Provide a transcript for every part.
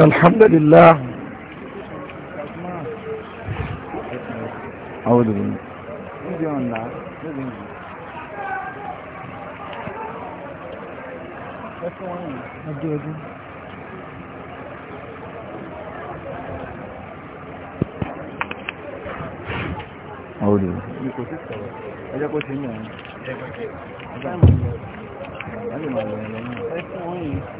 الحمد لله أعوذ بالله أعوذ بالله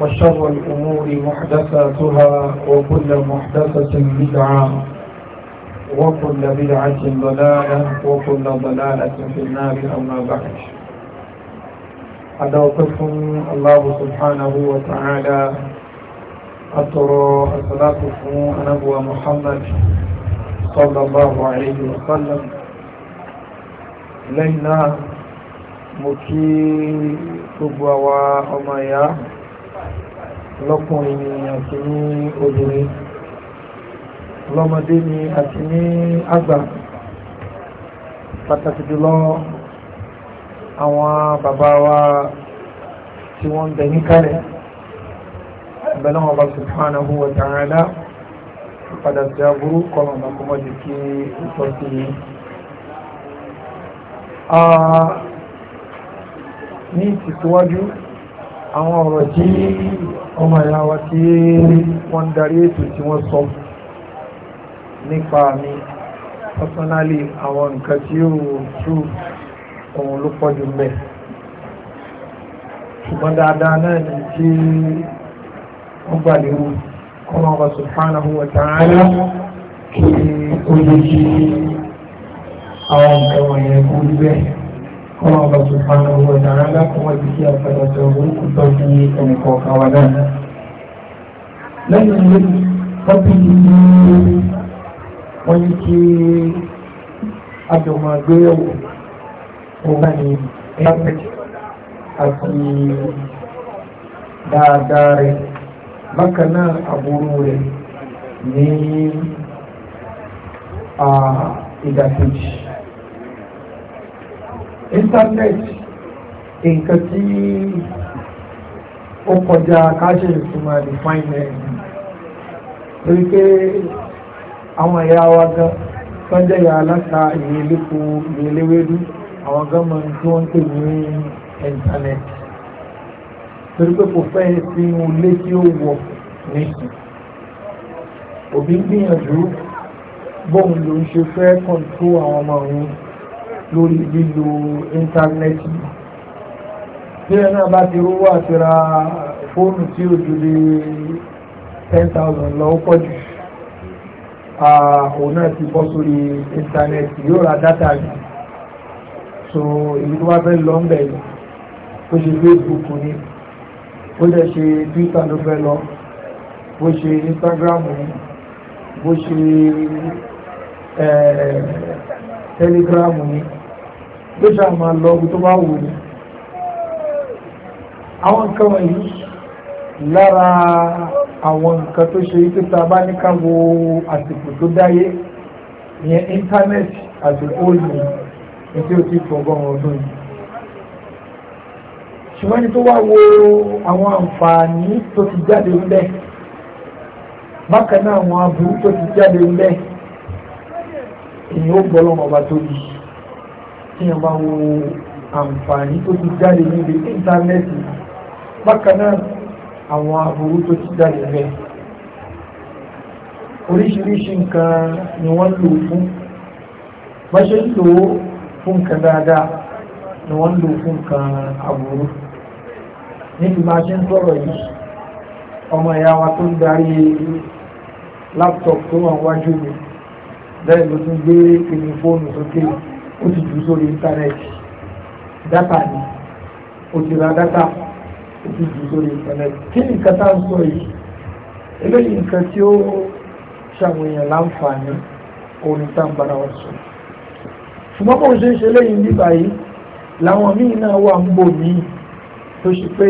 وشر الأمور محدثاتها وكل محدثة بدعة وكل بدعة ضلالة وكل ضلالة في النار أما بعد أدعوكم الله سبحانه وتعالى أترى الصلاة نبوة محمد صلى الله عليه وسلم لينا مكي تبوى وأمياه lọ́kùnrin ni àti ní obìnrin lọ́mọdé ni àti ní àgbà pàtàkì jùlọ àwọn bàbá wa tí wọ́n ń bẹ níkàlẹ̀ bẹ̀rẹ̀ wọn bá subhanahu wa ta'ala padà sí aburú kọ́nà ọmọkùnmọ́jì kí ó tọ́ sí i ní ìtìsíwájú àwọn ọ̀rọ̀ tí ọmọ ìyá wa tí wọ́n darí ètò tí wọ́n sọ nípa mi personally àwọn nǹkan tí ó tú ohun ló pọ̀ jù mẹ́ ṣùgbọ́n dáadáa náà ni tí wọ́n gbà lérò ọmọ ọba subhanahu wa ta'ala kí ó lè jí àwọn nǹkan wọ̀nyẹn kú bẹ́ẹ̀ ọlọ́ọ̀bá subhanahu wa ta'ala kọ́wọ́ ti kí àpẹẹrẹ sọ̀rọ̀ kò tọ́ sí ẹnìkọ̀ kàwá náà. lẹ́yìn ilé tọ́pìkì tí wọ́n ní kí àjọmọ̀ àgbéyẹ̀wò ọba ní ẹgbẹ́ àti dáadáa rẹ̀ bákan náà àbúrò rẹ̀ ní ìdàkejì íńtánẹ́ẹ̀tì nǹkan tí ó kọjá káṣẹ ìtumọ̀ define ẹ̀ torí pé àwọn ẹ̀yà wa gan sọ́jẹ́ ìyá aláta ìyẹn elépo ìyẹn eléwédú àwọn gan mọ̀ tí wọ́n ń pè ní íńtánẹ́ẹ̀tì torí pé kò fẹ́ sí inú ilé tí ó wọ̀ nísìn òbí gbìyànjú bóun ló ń ṣe fẹ́ kọ̀ǹtó àwọn ọmọ òun lórí lílo íńtánẹ́ẹ̀tì tí ẹ náà bá ti rówó àti fóònù tí ò ju ten thousand lọ ó pọ̀ jù òun náà ti bọ́ sórí íńtánẹ́ẹ̀tì yóò ra dátà yìí so èyí tó wá fẹ́ lọ ń bẹ̀ yìí ó ṣe Facebook ni ó dẹ̀ ṣe Twitter ló fẹ́ lọ bó ṣe Instagram ni bó ṣe Telegram ni ló máa lọ ibi tó bá wù ní àwọn nǹkan wọ̀nyí lára àwọn nǹkan tó ṣe wípé tá a bá ní ká wo àsìkò tó dáyé ìyẹn íńtánẹ́ẹ̀tì àti òòlù ètí ò ti fọ ọgọ́rùn-ún ọdún yìí ṣùgbọ́n ní tó wá wo àwọn àǹfààní tó ti jáde ńlẹ̀ bákan náà àwọn aburú tó ti jáde ńlẹ̀ èyí ó gbọ́ lọ́mọba tó yìí tí a máa wo àǹfààní tó ti jáde níbi íńtánẹ́ẹ̀tì bákan náà àwọn aburú tó ti jáde bẹ́ẹ̀ oríṣiríṣi nǹkan ni wọ́n lò fún bá ṣe ń lò fún nǹkan dáadáa ni wọ́n lò fún nǹkan aburú níbi máa ṣe ń sọ̀rọ̀ yìí ọmọ ìyá wa tó ń darí láptọ̀pù tó wà wájú mi bẹ́ẹ̀ ló tún gbé kìnnìfóònù sókè yìí ó ti jù sórí íńtánẹ́ẹ̀tì dátà ni ó ti ra dátà ó ti jù sórí íńtánẹ́ẹ̀tì kí ni nǹkan tá à ń sọ yìí eléyìí nǹkan tí ó ṣàwọn èèyàn láǹfààní orin tá à ń bára wọn sọ ṣùgbọ́n bó ń ṣe ń ṣe léyìn nígbà yìí làwọn míì náà wà ń bò míì tó ṣe pé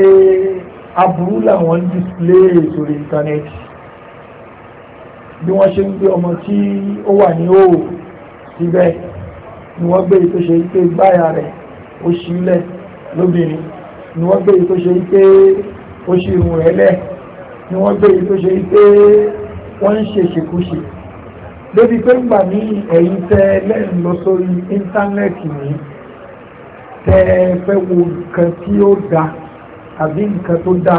aburú làwọn ń display sórí íńtánẹ́ẹ̀tì bí wọ́n ṣe ń gbé ọmọ tí ó wà ní òòrùn síbẹ̀ ni wọ́n gbé ìtò ṣe wípé gbáyà rẹ̀ ó ṣílẹ̀ lóbìnrin ni wọ́n gbé ìtò ṣe wípé ó ṣe irun rẹ̀ lẹ̀ ni wọ́n gbé ìtò ṣe wípé wọ́n ń ṣe ṣekúṣe débi pé gbà ní ẹ̀yìn tẹ́ lẹ́yìn lọ sórí íńtánẹ́ẹ̀tì ní tẹ́ fẹ́ wo nǹkan tí ó da àbí nǹkan tó da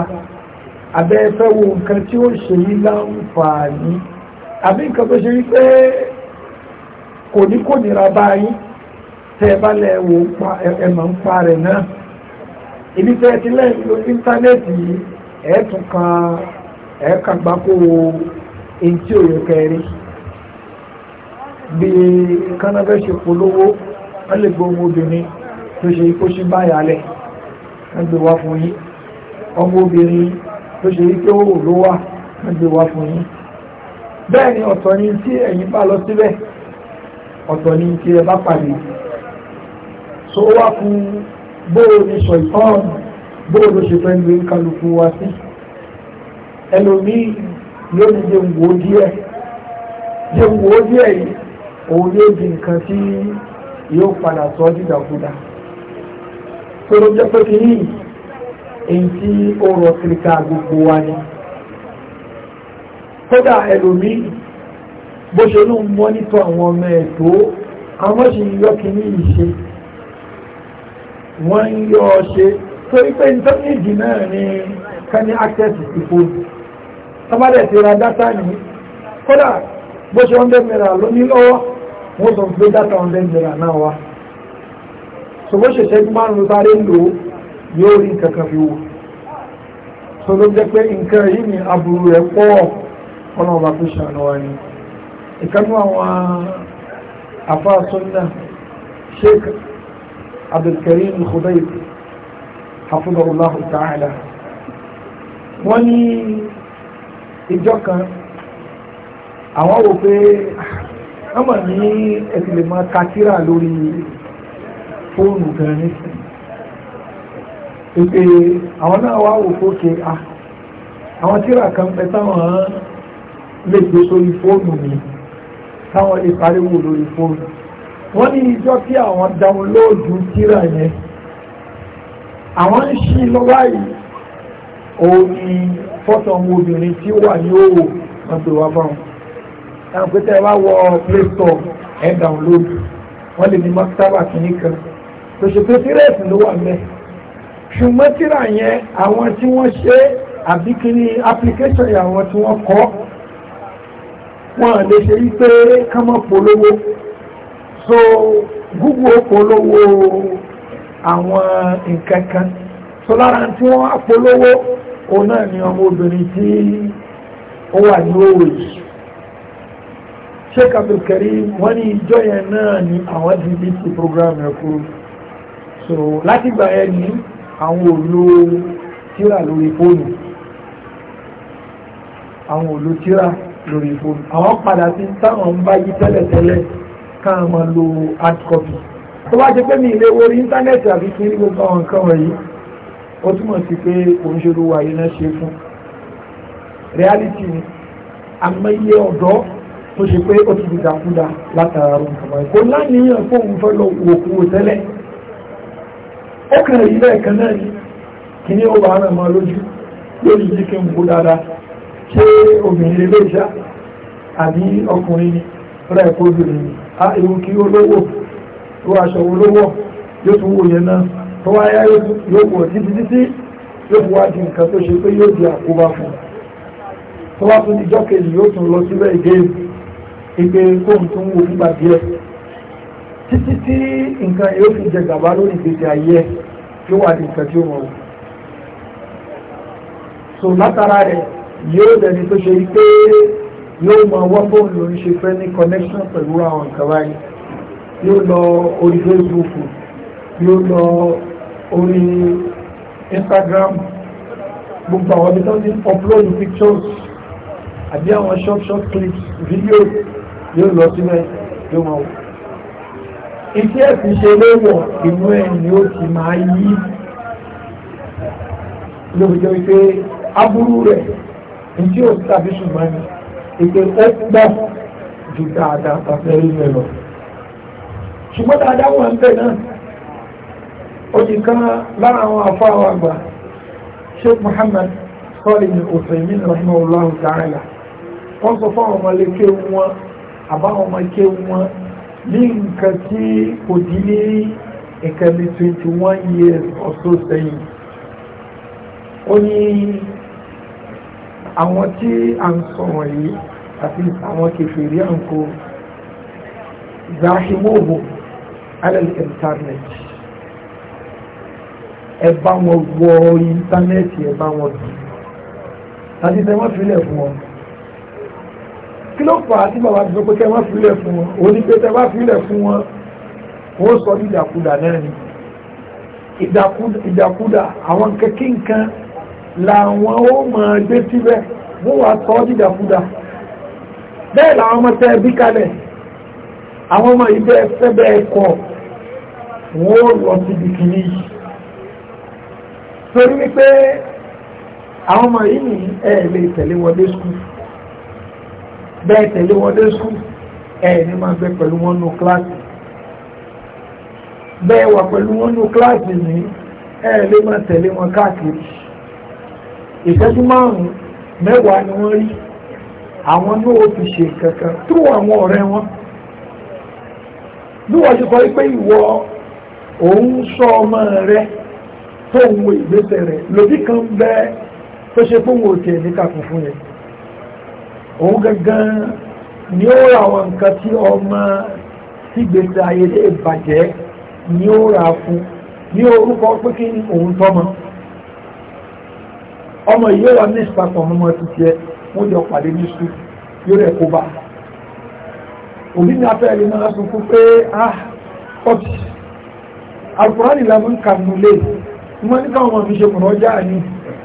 abẹ́ fẹ́ wo nǹkan tí ó ṣe yí láǹfààní àbí nǹkan tó ṣe wípé kò ní kò nira báyìí tẹ́ẹ̀bálẹ̀ wo ẹ̀mọ̀ ń pa rẹ̀ náà ibi tẹ́ ti lẹ́yìn lo íńtánẹ́ẹ̀tì yìí ẹ̀ẹ́tún kan ẹ̀ẹ́kàgbákò ẹni tí òye kẹrin bí kánáfẹ́ ṣe polówó wọ́n lè gbọ́ obìnrin tó ṣe kó ṣe báyà lẹ̀ wọ́n gbé wá fún yín ọmọ tó ṣe wípé ó ló wà wọ́n gbé wá fún yín bẹ́ẹ̀ ni ọ̀tọ̀ ni tí ẹ̀yin bá lọ síbẹ̀ ọ̀tọ̀ ni tí ẹ bá pàdé tó wá fún bóò ní sọ ìtọ́ọ̀nù bóò ló ṣe fẹ́ẹ́ lóyún kálukú wá sí ẹlòmíì yóò ní jẹun wò díẹ̀ jẹun wò díẹ̀ yìí òun yóò di nǹkan tí yóò padà sọ dídàkudà tó jẹ́ pé kí èyí tí ó rọ kìrìkà gbogbo wa ni kódà ẹlòmíì bó ṣe ló ń mọ́nítọ̀ àwọn ọmọ ẹ̀ tó àwọn sì yọ kí ìṣe wọ́n ń yọ ọ ṣe tó ipé ìtọ́nìdì náà ni ká access to fóònù tọ́bádẹ̀ ti ra data. ní kódà bó ṣe 100 naira ló ní lọ́wọ́ wọ́n sọ pé data 100 naira náà wá so bó ṣe ṣẹ́jú márùn-ún sáré lò yóò rí nǹkan fi wò so ló jẹ́ pé nǹkan yìí ni aburú rẹ̀ pọ̀ ọ̀nà ọba tó ṣàánú wa ni ìkanú àwọn afáàsọ́nà ṣéèkì عبد الكريم الخضيب حفظه الله تعالى wọ́n ní ìjọ kan àwọn wò pé ah, ọmọ ní ẹ̀sìn lè máa ka tírà lórí fóònù gan nísìnyí pé àwọn náà wá wò fókè à ah, àwọn tírà kan pẹ táwọn lè gbé sórí fóònù mi táwọn lè pariwo lórí fóònù wọ́n ní ìjọ kí àwọn dáúnlóòdù tíra yẹn àwọn ń ṣí lọ́wọ́ yìí òun ni fọ́tọ̀ àwọn obìnrin tí ó wà ní òwò wọ́n pè wá báwọn ẹ̀rùn pé wá wọ play store ẹ̀ dáúnlóòdù wọ́n lè ní mọ́tàbà kìíní kan tó ṣe pé tírẹ̀sì ló wà mẹ́ ṣùgbọ́n tíra yẹn àwọn tí wọ́n ṣe àbí kìíní application yẹn àwọn tí wọ́n kọ́ wọn lè ṣe wípé ká mọ́ polówó so google polówó àwọn nǹkan kan so lára tí wọ́n á polówó òun náà ni ọmọbìnrin tí ó wà ní òwe yìí sheikh abdulkarim wọ́n ní ìjọ yẹn náà ni àwọn ti bí ti program yẹn kúrò so láti gbà yẹn ni àwọn òlò tíra lórí fóònù àwọn òlò tíra lórí fóònù àwọn padà sí táwọn ń bá yí tẹ́lẹ̀tẹ́lẹ̀ káà máa lo hard copy tó bá jẹ́ pé mi ilé orí íńtánẹ́ẹ̀tì àbí kí ní gbogbo àwọn nǹkan wọ̀nyí ó túmọ̀ sí pé òun ṣe olúwa yìí náà ṣe fún reality ni àmọye ọ̀dọ́ tó ṣe pé ó ti dìdàkúdà látara ọ̀run kàmá kò láníyàn fóun fẹ́ lọ wòkú tẹ́lẹ̀ ó kàn rí bẹ́ẹ̀ kan náà ni kí ní ó bá ràn máa lójú lórí jíkẹ́ ń kó dáadáa ṣé obìnrin lè ṣá àbí ọkùnrin ni rẹ̀ fóbìnrin a ìwú kí olówó tó aṣọ olówó yóò tún wò yẹn náà tó wá yá yóò wọ̀ títí títí yóò fi wá di nǹkan tó ṣe pé yóò di àkóbá fún tó wá tún ìjọ kejì yóò tún lọ síbẹ̀ ìdé ìgbé kóhùn tó ń wo fúgbà díẹ̀ títí tí nǹkan yóò fi jẹ gàba lórí ìgbésí ayé yóò wà ní nǹkan tí ó mọ̀ so látara rẹ̀ yóò dẹni tó ṣe pé yóò mọ wọ́n bóun ló ń ṣe fẹ́ ní connection pẹ̀lú àwọn nǹkan báyìí yóò lọ orí Facebook yóò lọ orí Instagram gbogbo àwọn ibi tó ń upload pictures àbí àwọn short short clips video. yóò lọ síbẹ̀ yóò máa wò. iṣẹ́ ẹ̀sìn ṣe léwọ̀ inú ẹ̀ ni ó ti máa yí lóòjọ́ wípé aburú rẹ̀ ní tí ó tàbí ṣùgbọ́n ni ìpè ó pọ̀ ju dáadáa pàṣẹ ilẹ̀ lọ. ṣùgbọ́n dáadáa wọn ń bẹ̀ náà ó ti kán lára àwọn afọ àwọn àgbà Sheikh Muhammad sọ́ọ̀lì ní Usaimin rahimahullahu ta'ala wọ́n sọ fún àwọn ọmọléke wọn àbáwọn ọmọléke wọn ní nǹkan tí kò dín ní nǹkan bí years or so sẹ́yìn ó ní àwọn tí a ń sọ wọ̀nyí àti àwọn kèfèrí à ń kó zahimuhu alal internet ẹ bá wọn wọ íńtánẹ́ẹ̀tì ẹ bá wọn dùn tàbí tẹ wọ́n filẹ̀ fún wọn kí ló fà á tí bàbá ti sọ pé kẹ wọ́n filẹ̀ fún wọn òní pé tẹ bá filẹ̀ fún wọn wọ́n sọ ní ìdàkudà náà ni ìdàkudà àwọn kẹkí nǹkan làwọn ó mọ̀ gbé síbẹ̀ wọ́n wà sọ dìdàkúdà bẹ́ẹ̀ làwọn ọmọ tẹ́ bí kalẹ̀ àwọn ọmọ ìbẹ́ fẹ́bẹ́ ẹ̀kọ́ wọ́n lọ sí bìkìní yìí torí wípé àwọn ọmọ yìí ní ẹ̀ lè tẹ̀lé wọlé skul bẹ́ẹ̀ tẹ̀lé wọlé skul ẹ̀ ní máa bẹ pẹ̀lú wọn nù kíláàsì bẹ́ẹ̀ wà pẹ̀lú wọn nù kíláàsì ní ẹ̀ lè máa tẹ̀lé wọn káàkiri ìṣẹ́jú márùn-ún mẹ́wàá ni wọ́n rí àwọn ní o ti ṣe kankan tó àwọn ọ̀rẹ́ wọn bí wọ́n ṣe sọ pé ìwọ òun sọ ọmọ rẹ tó ń wo ìgbésẹ̀ rẹ̀ lòdì kan bẹ tó ṣe pé òun ò tiẹ̀ ní kàkùn fún yẹn òun gangan ni ó ra àwọn nǹkan tí ọmọ sígbèsè ayé lè bàjẹ́ ni ó ra fún ní orúkọ pé kí òun tọ́mọ ọmọ yìí yóò wà ní ìsìpapọ̀ ọmọ títí ẹ wọ́n jọ pàdé ní sùn yóò rẹ̀ kó bá òbí ní afẹ́rẹ́ náà sunkún pé ah pọ́pì alukurani lamu ń kànú lé wọ́n ní káwọn ọmọ mi ṣe kùnà ọjà ni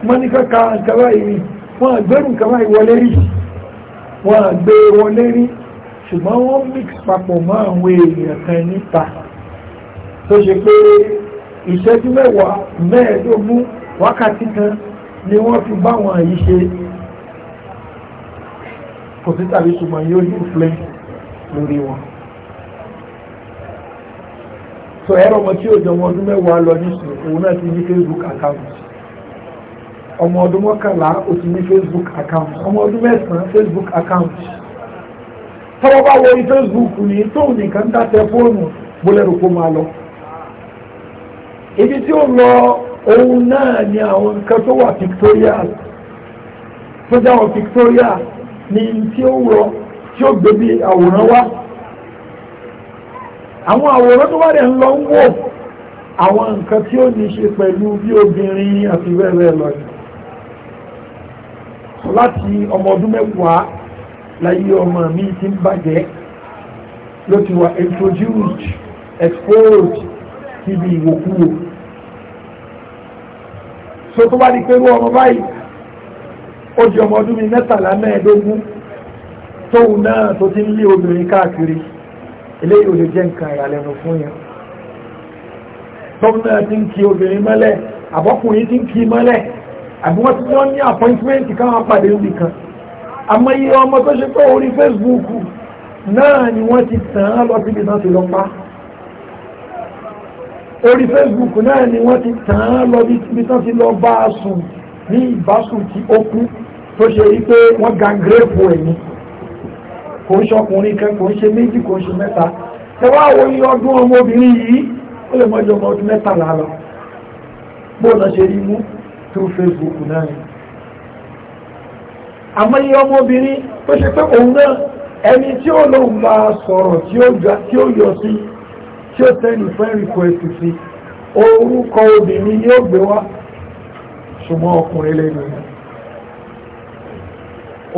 wọ́n ní ká ka nǹkan báyìí ni wọ́n àgbẹ̀rù nǹkan báyìí wọlé rí wọ́n àgbẹ̀ wọlé rí ṣùgbọ́n wọ́n mix papọ̀ mọ́ àwọn èèyàn kan níta tó ṣe pé ìṣẹ́jú mẹ́wàá mẹ́ẹ̀ẹ́dógún wákàtí kan ni wọ́n fi bá wọn yìí ṣe kò sí tàbí ṣùgbọ́n yóò ní influence lórí wọn so ẹ̀rọ ọmọ tí ó jọ ọmọ ọdún mẹ́wàá lọ nísìnyí òun náà ti ní Facebook account ọmọ ọdún mọ́kànlá ó ti ní Facebook account ọmọ ọdún mẹ́sàn-án Facebook account tọ́wọ́ bá wọrí Facebook ní tóun nìkan dá tẹ fóònù bólẹ́rù kó máa lọ ibi tí ó lọ òun náà ni àwọn nǹkan tó wà pictorial tó dáwọ̀ pictorial ni tí ó rọ tí ó gbé bí àwòrán wá àwọn àwòrán tó wà rẹ̀ ń lọ ń wò àwọn nǹkan tí ó ní ṣe pẹ̀lú bí obìnrin àti bẹ́ẹ̀ lọ láti ọmọ ọdún mẹ́wàá láyé ọmọ mi ti ń bàjẹ́ ló ti wà introduced exposed síbi ìwòkúwò so tó bá di pé wọ́n ọmọ báyìí ó di ọmọ ọdún mi mẹ́tàlá mẹ́ẹ̀ẹ́dógún tóun náà tó ti ń lé obìnrin káàkiri eléyìí ò lè jẹ́ nǹkan ìyàlẹ́nu fún yẹn tóun náà ti ń ki obìnrin mọ́lẹ̀ àbọ́kùnrin ti ń ki mọ́lẹ̀ àbí wọ́n ti wọ́n ní àpọ́ìntmẹ́ǹtì káwọn pàdé níbi kan àmọ́ iye ọmọ tó ṣe pé orí Facebook náà ni wọ́n ti tàn án lọ síbi náà ti lọ pa á orí facebook náà ni wọ́n ti tàn án lọ bí tán ti lọ bá a sùn ní ìbásùn tí ó kú tó ṣe rí pé wọ́n gangrèpù ẹ̀ ni kò ń ṣọkùnrin kan kò ń ṣe méjì kò ń ṣe mẹ́ta ẹ wá wo iye ọdún ọmọbìnrin yìí ó lè mọ́jọ ọmọ ọdún mẹ́tàlá lọ bó lọ ṣe rí mú tó facebook náà ni àmọ́ iye ọmọbìnrin tó ṣe pé òun náà ẹni tí ó lóun bá sọ̀rọ̀ tí ó yọ sí tí ó tẹ́lì fẹ́ request sí orúkọ obìnrin yóò gbé wá ṣùgbọ́n ọkùnrin lẹ́nu rẹ̀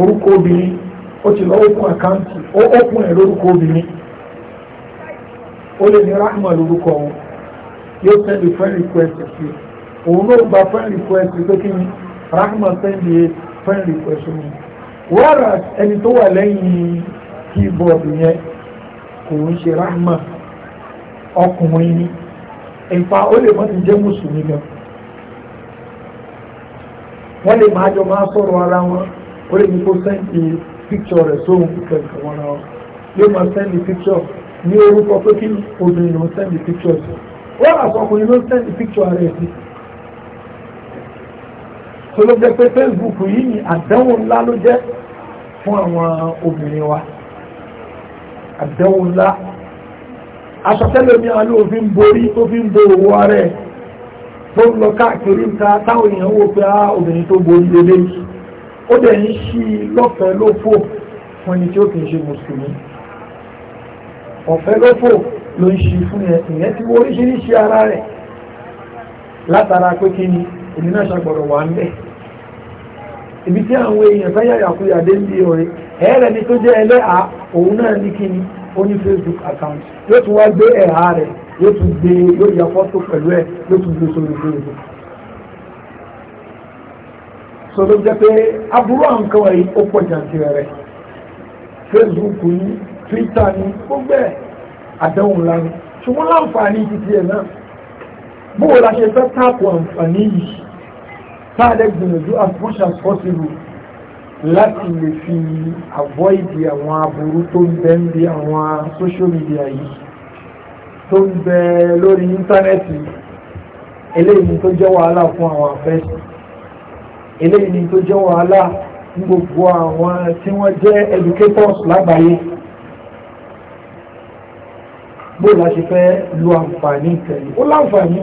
orúkọ obìnrin ó ti lọ ókun àkáǹtì ó ókun ẹ̀ lórúkọ obìnrin ó lè ní rahma lórúkọ wọn yóò tẹ́lì fẹ́ request sí òun náà gba fẹ́ request pé kí ni rahma sẹ́ndì fẹ́ request mi whereas ẹni tó wà lẹ́yìn keyboard yẹn kò ń ṣe rahma ọkùnrin ni ìfà ó lè mọ́ ti jẹ́ mùsùlùmí gan wọ́n lè máa jọ máa sọ̀rọ̀ ara wọn ó lè ní kó sẹ́ǹdì píkṣọ̀ rẹ̀ sóhun píkṣọ̀ ìfọwọ́n ara wọn yóò máa sẹ́ǹdì píkṣọ̀ ní orúkọ pé kí obìnrin ló ń sẹ́ǹdì píkṣọ̀ sí wọ́n àsọkùnrin ló ń sẹ́ǹdì píkṣọ̀ ara ẹ̀ sí tó ló jẹ́ pé Facebook yìí ni àdánwò ńlá ló jẹ́ fún àwọn obìnrin wa àdánwò ńlá aṣọ́tẹ́lẹ̀ mi àlú òfin borí tó fi ń bo owó ààrẹ tó ń lọ káàkiri ń ta táwọn èèyàn wò pé á ah, obìnrin tó borí lélẹ́ yìí ó dẹ̀ ń ṣí lọ́fẹ̀ẹ́ lófò fún ẹni tí ó kì í ṣe mùsùlùmí ọ̀fẹ́ lófò ló ń ṣí fún ẹ ìyẹn ti wo oríṣiríṣi ara rẹ̀ látara pé kí ni èmi náà ṣàgbọ̀rọ̀ wà ń bẹ̀ ibi tí àwọn èèyàn fẹ́ yàyàkuyà dé ń bí ọ̀rẹ́ ẹ̀ẹ́rẹ́ ni tó jẹ́ ẹlẹ́à ni ó facebook account yóò tún wá gbé ẹ̀há rẹ̀ yóò tún gbé yóò yẹ fọ́tò pẹ̀lú ẹ̀ yóò tún gbé sórí facebook. sọ ló jẹ́ pé aburú àwọn kan wọ̀nyí ó pọ̀ jàǹtìrẹ rẹ̀ facebook ní twitter ní gbogbo ẹ̀ àdéhùn lánà ṣùgbọ́n láǹfààní títí ẹ̀ náà bó o la ṣe fẹ́ táàpù àǹfààní yìí táà lẹ́gbìyànjú as much as possible láti lè fi àbọ́ìdì àwọn aburú tó ń bẹ ń bí àwọn social media yìí tó ń bẹ lórí íńtánẹ́ẹ̀tì eléyìí tó jẹ́ wàhálà fún àwọn afẹ́sì eléyìí tó jẹ́ wàhálà fún gbogbo àwọn tí wọ́n jẹ́ educators lágbàáyé bóò la ṣe fẹ́ lo àǹfààní ìtẹ̀lé ó láǹfààní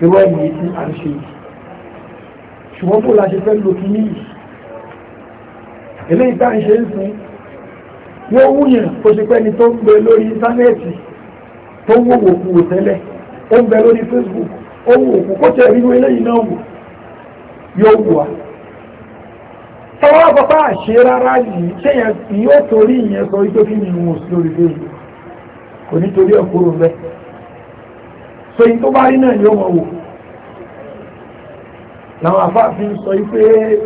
irú ẹ̀mí tí a ń ṣe yìí ṣùgbọ́n kó la ṣe fẹ́ lò kí ní yìí eléyìí tá ń ṣe ń sin wọ́n wúyàn kó ṣe pẹ́ni tó ń gbé lórí íńtánẹ́ẹ̀tì tó ń wòwò kú wò tẹ́lẹ̀ ó ń bẹ lórí Facebook ó wò kú kó tẹ̀ rí eléyìí náà wò yóò wù wá tọwọ́ bàbá àṣẹ rárá yìí ṣéyàn yóò torí ìyẹn sọ wípé kí ni ìwọ̀n sí lórí Facebook kò nítorí ẹ̀kúrò bẹ́ẹ̀ so ìyí tó bá rí mọ̀ wò làwọn afáàfin sọ pé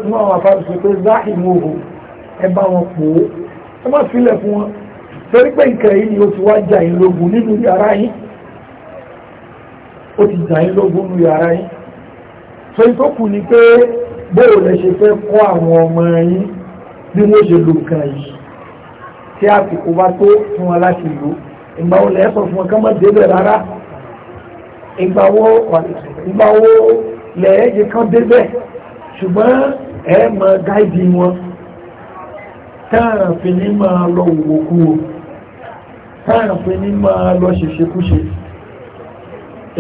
mú àwọn afáàfin sọ pé záhìmù òhù ẹ bá wọn pò ó ẹ má sílẹ̀ fún wọn torí pé nǹkan yìí ni ó ti wá jà yín lógun nínú yàrá yín ó ti jà yín lógun nínú yàrá yín sọ tó kù ni pé bóò lẹ ṣe fẹ́ kọ́ àwọn ọmọ yín bí wọ́n ṣe lo nǹkan yìí tí àsìkò bá tó fún wọn láti lò ìgbà wo lẹ sọ fún wọn kán má débẹ̀ rárá ìgbà wo ìgbà wo lẹ́ẹ̀yẹ kan débẹ̀ ṣùgbọ́n ẹ mọ gáìdì wọn táàfin ní máa lọ òwòkú o táàfin ní máa lọ ṣèṣekúṣe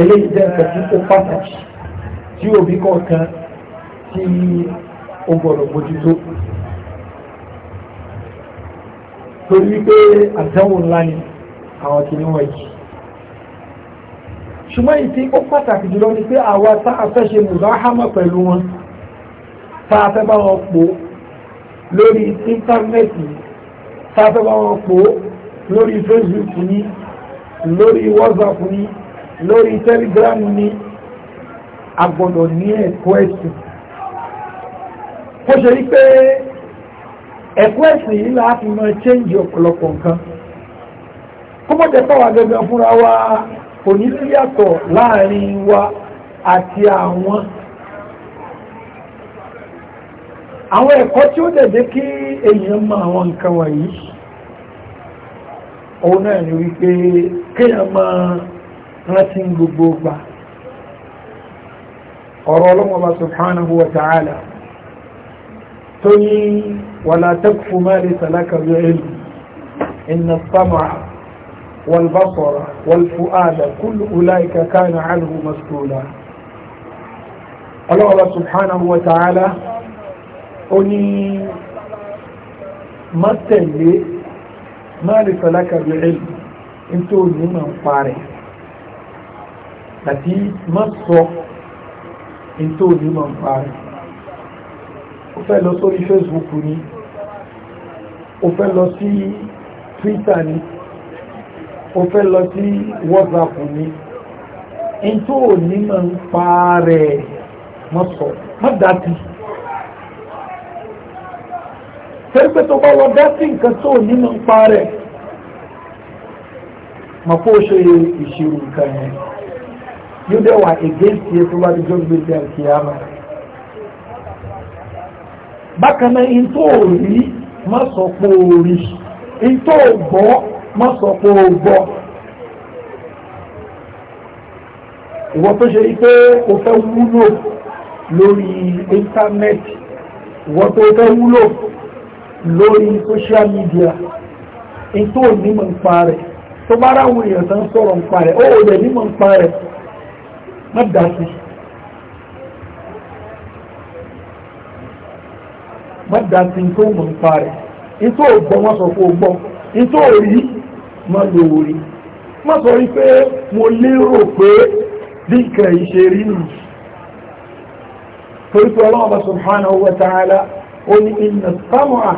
eléyìí jẹ́ nǹkan tí ó pàtàkì tí òbí kọ̀ọ̀kan tí ó gbọ́dọ̀ mójútó torí pé àdánwò ńlá ni àwọn kìnìún wọ̀nyí ṣùgbọ́n ìtí ó pàtàkì jùlọ ni pé àwa tá a fẹ́ ṣe mùzáhámà pẹ̀lú wọn tá a fẹ́ bá wọn pò lórí íńtánẹ́ẹ̀tì tá a fẹ́ bá wọn pò lórí facebook ní lórí whatsapp ní lórí telegram ní a gbọ́dọ̀ ní ẹ̀kọ́ ẹ̀sìn ó ṣe rí pé ẹ̀kọ́ ẹ̀sìn yìí láti máa change ọ̀pọ̀lọpọ̀ nǹkan kó mọ̀ jẹ́ pàwọ́ gẹ́gẹ́ fúnra wa kò ní sí yàtọ̀ láàrin wa àti àwọn àwọn ẹ̀kọ́ tí ó dẹ̀dẹ̀ kí èèyàn mọ àwọn nǹkan wọ̀nyí òun náà ni wípé kéèyàn máa rántí gbogbo gbà ọ̀rọ̀ ọlọ́mọba subhanahu wa ta'ala tó ní wàlá takfu ma laysa laka bihi والبصر والفؤاد كل أولئك كان عنه مسؤولا الله سبحانه وتعالى أني ما تلي ما لك بعلم انتو نما فاري àti má sọ ètò òní máa ń pa rẹ̀ ó fẹ́ lọ o fẹ́ lọ sí whatsapp mi n tó o ní mọ̀ ń pa rẹ̀ mọ́ sọ mọ́ dátì tẹ́gbẹ́ tó bá wọ dátì nǹkan tó o ní mọ̀ ń pa rẹ̀ mọ̀ kó o ṣe ìṣirò nǹkan yẹn yóò dẹ̀ wà against yẹn tó bá ti jọ́ gbèsè àti àmà bákan náà n tó o rí mọ́ sọ pé o rí n tó o gbọ́ má sọ pé o gbọ́ ìwọ tó ṣe wípé o fẹ́ wúlò lórí íńtánẹ́ẹ̀tì ìwọ tó fẹ́ wúlò lórí social media in tó nímọ̀ ń pa rẹ̀ tó bá ráwọ̀ èèyàn tán sọ̀rọ̀ ń pa rẹ̀ ó rẹ̀ nímọ̀ ń pa rẹ̀ má dá má dá tó mọ̀ ń rẹ̀ in tó wọ́n sọ pé o gbọ́ in má lo orí má sọ rí pé mo lérò pé bí nǹkan yìí ṣe rí nù torí pé ọlọ́run bá subhanahu wa ta'ala ó ní inna sam'a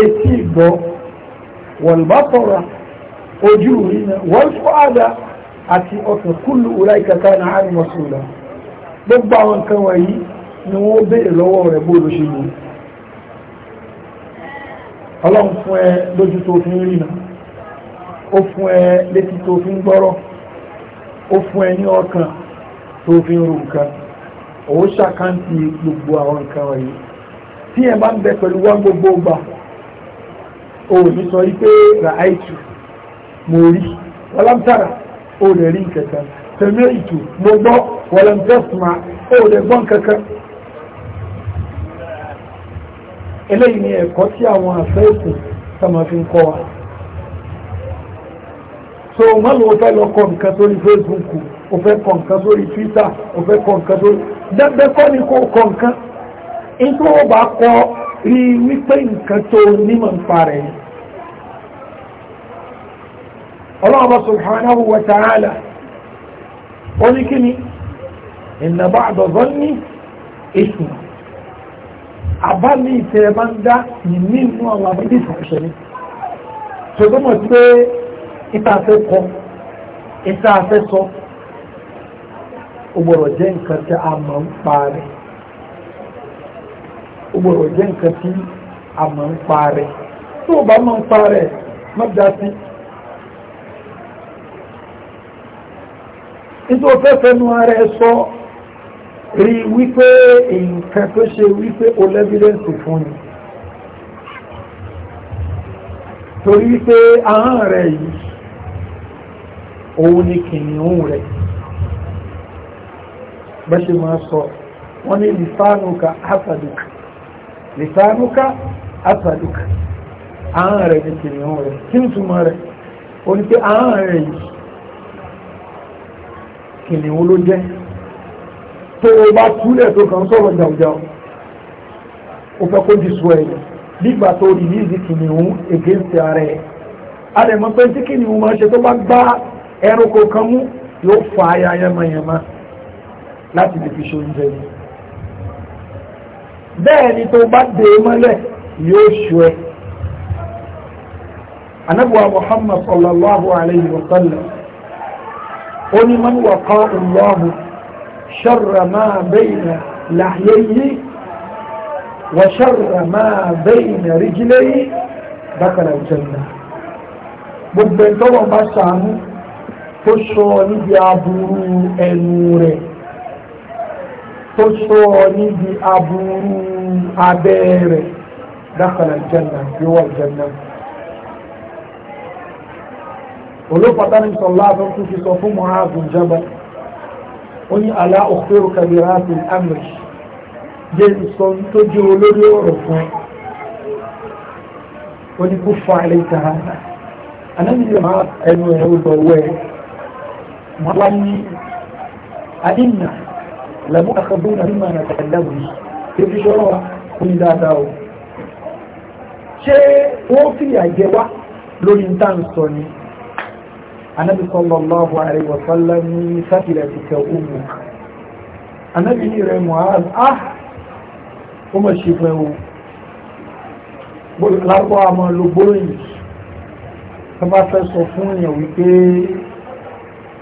etí ìgbọ́ wal basara ojú ìrìnà wal fu'ada àti ọkàn kullu ulaika kana àánú mas'ula gbogbo àwọn nǹkan wọ̀nyí ni wọ́n béèrè lọ́wọ́ rẹ̀ bóòlù ṣe yìí ọlọ́run fún ẹ lójú tó fi ń rìnà ó fún ẹ létí tó fi ń gbọ́rọ̀ ó fún ẹ ní ọkàn tó fi ń ro nǹkan òun gbogbo àwọn nǹkan wọ̀nyí tí ẹ bá ń bẹ pẹ̀lú wá gbogbo ọgbà òun ní sọ wípé ràáìtù mo rí wọlámsára òun rẹ̀ rí tẹ̀lé ìtù mo gbọ́ gbọ́ nkankan eléyìí ni ẹ̀kọ́ àwọn àfẹ́ fi ń so wọ́n lò ó fẹ́ lọ kọ nǹkan sórí facebook ó fẹ́ kọ nǹkan sórí twitter ó fẹ́ kọ nǹkan sórí dẹ́gbẹ́ kọ́ ni kò kọ nǹkan nítorí wọ́n bá kọ rí wípé nǹkan tó nímọ̀ ń parẹ́ yìí ọlọ́ọ̀bá subhanahu wa ta'ala ó ní kí ni inna ba'da dhanni ismu àbá ní ìtẹ̀ ń dá ìmí inú àwọn abẹ́lé ìfọ̀ṣẹ́ ni ṣùgbọ́n mọ̀ sí pé ìta fẹ́ kọ ìta fẹ́ sọ ó gbọ́dọ̀ jẹ́ nǹkan tí a máa ń pa rẹ̀ ó gbọ́dọ̀ jẹ́ nǹkan tí a máa ń pa rẹ̀ tó o bá máa ń pa rẹ̀ má dá sí. nítorí fẹ́fẹ́ nu ara ẹ sọ rí wípé nǹkan tó ṣe wípé o lẹ́bídẹ́ǹsì fún ni torí wípé ahọ́n rẹ̀ yìí òun ni kìnìún rẹ̀ bẹ́ṣe máa sọ wọ́n ní lisanuka asaduk lisanuka asaduk àán rẹ̀ ni kìnìún rẹ̀ kí n túmọ̀ rẹ̀ ó ní pé àán rẹ̀ yìí kìnìún ló jẹ́ tó o bá túlẹ̀ tó kàn sọ̀rọ̀ jàùjàù ó fẹ́ kó jù sọ ẹ̀yìn nígbà tó rìlíìsì kìnìún against ààrẹ a lè mọ̀ pé tí kìnìún máa ṣe tó bá gbá ẹranko kan mú yóò fa aya yamayama láti lè fi ṣoúnjẹ ni bẹ́ẹ̀ ni tó bá dé mọ́lẹ̀ yóò ṣù ẹ́ anabuwa muhammad sallallahu alayhi wa sallam ó ní man wà kọ́ ọlọ́hu ṣarra máa bẹ́yìnà láyéyé wà ṣarra máa bẹ́yìnà rígílẹ́yé bákàlà jẹ́nà gbogbo ẹ̀tọ́wọ̀n bá ṣàánú tó sọ níbi aburú ẹnu rẹ̀ tó sọ níbi aburú abẹ́ rẹ̀ dákàlà jẹ́nà yóò wà jẹ́nà. olóòpàtà ní sọ̀lá tó tún fi sọ fún Mu'adh bin Jabal ó ní alá òkèrò kabira ti amr jẹ́ sọ tó jẹ́ olórí ọ̀rọ̀ fún ó ní kó fa ilé ìtara anábìyàn ẹnu ẹ̀ ó dọ̀wọ́ ẹ̀ wọ́n ní àdínà lẹ́mú àkàbọ̀ náà mímọ̀ náà tẹ̀lẹ́bù yìí tí fi ṣọ́rọ̀ wa kú ní dáadáa o ṣé wọ́n fi àjẹ wá lórí ń tàn sọ ni anábì sallallahu alaihi wa sallam ní sátìlẹ̀ ti ah ó mọ̀ ṣe fẹ́ o lárúbọ̀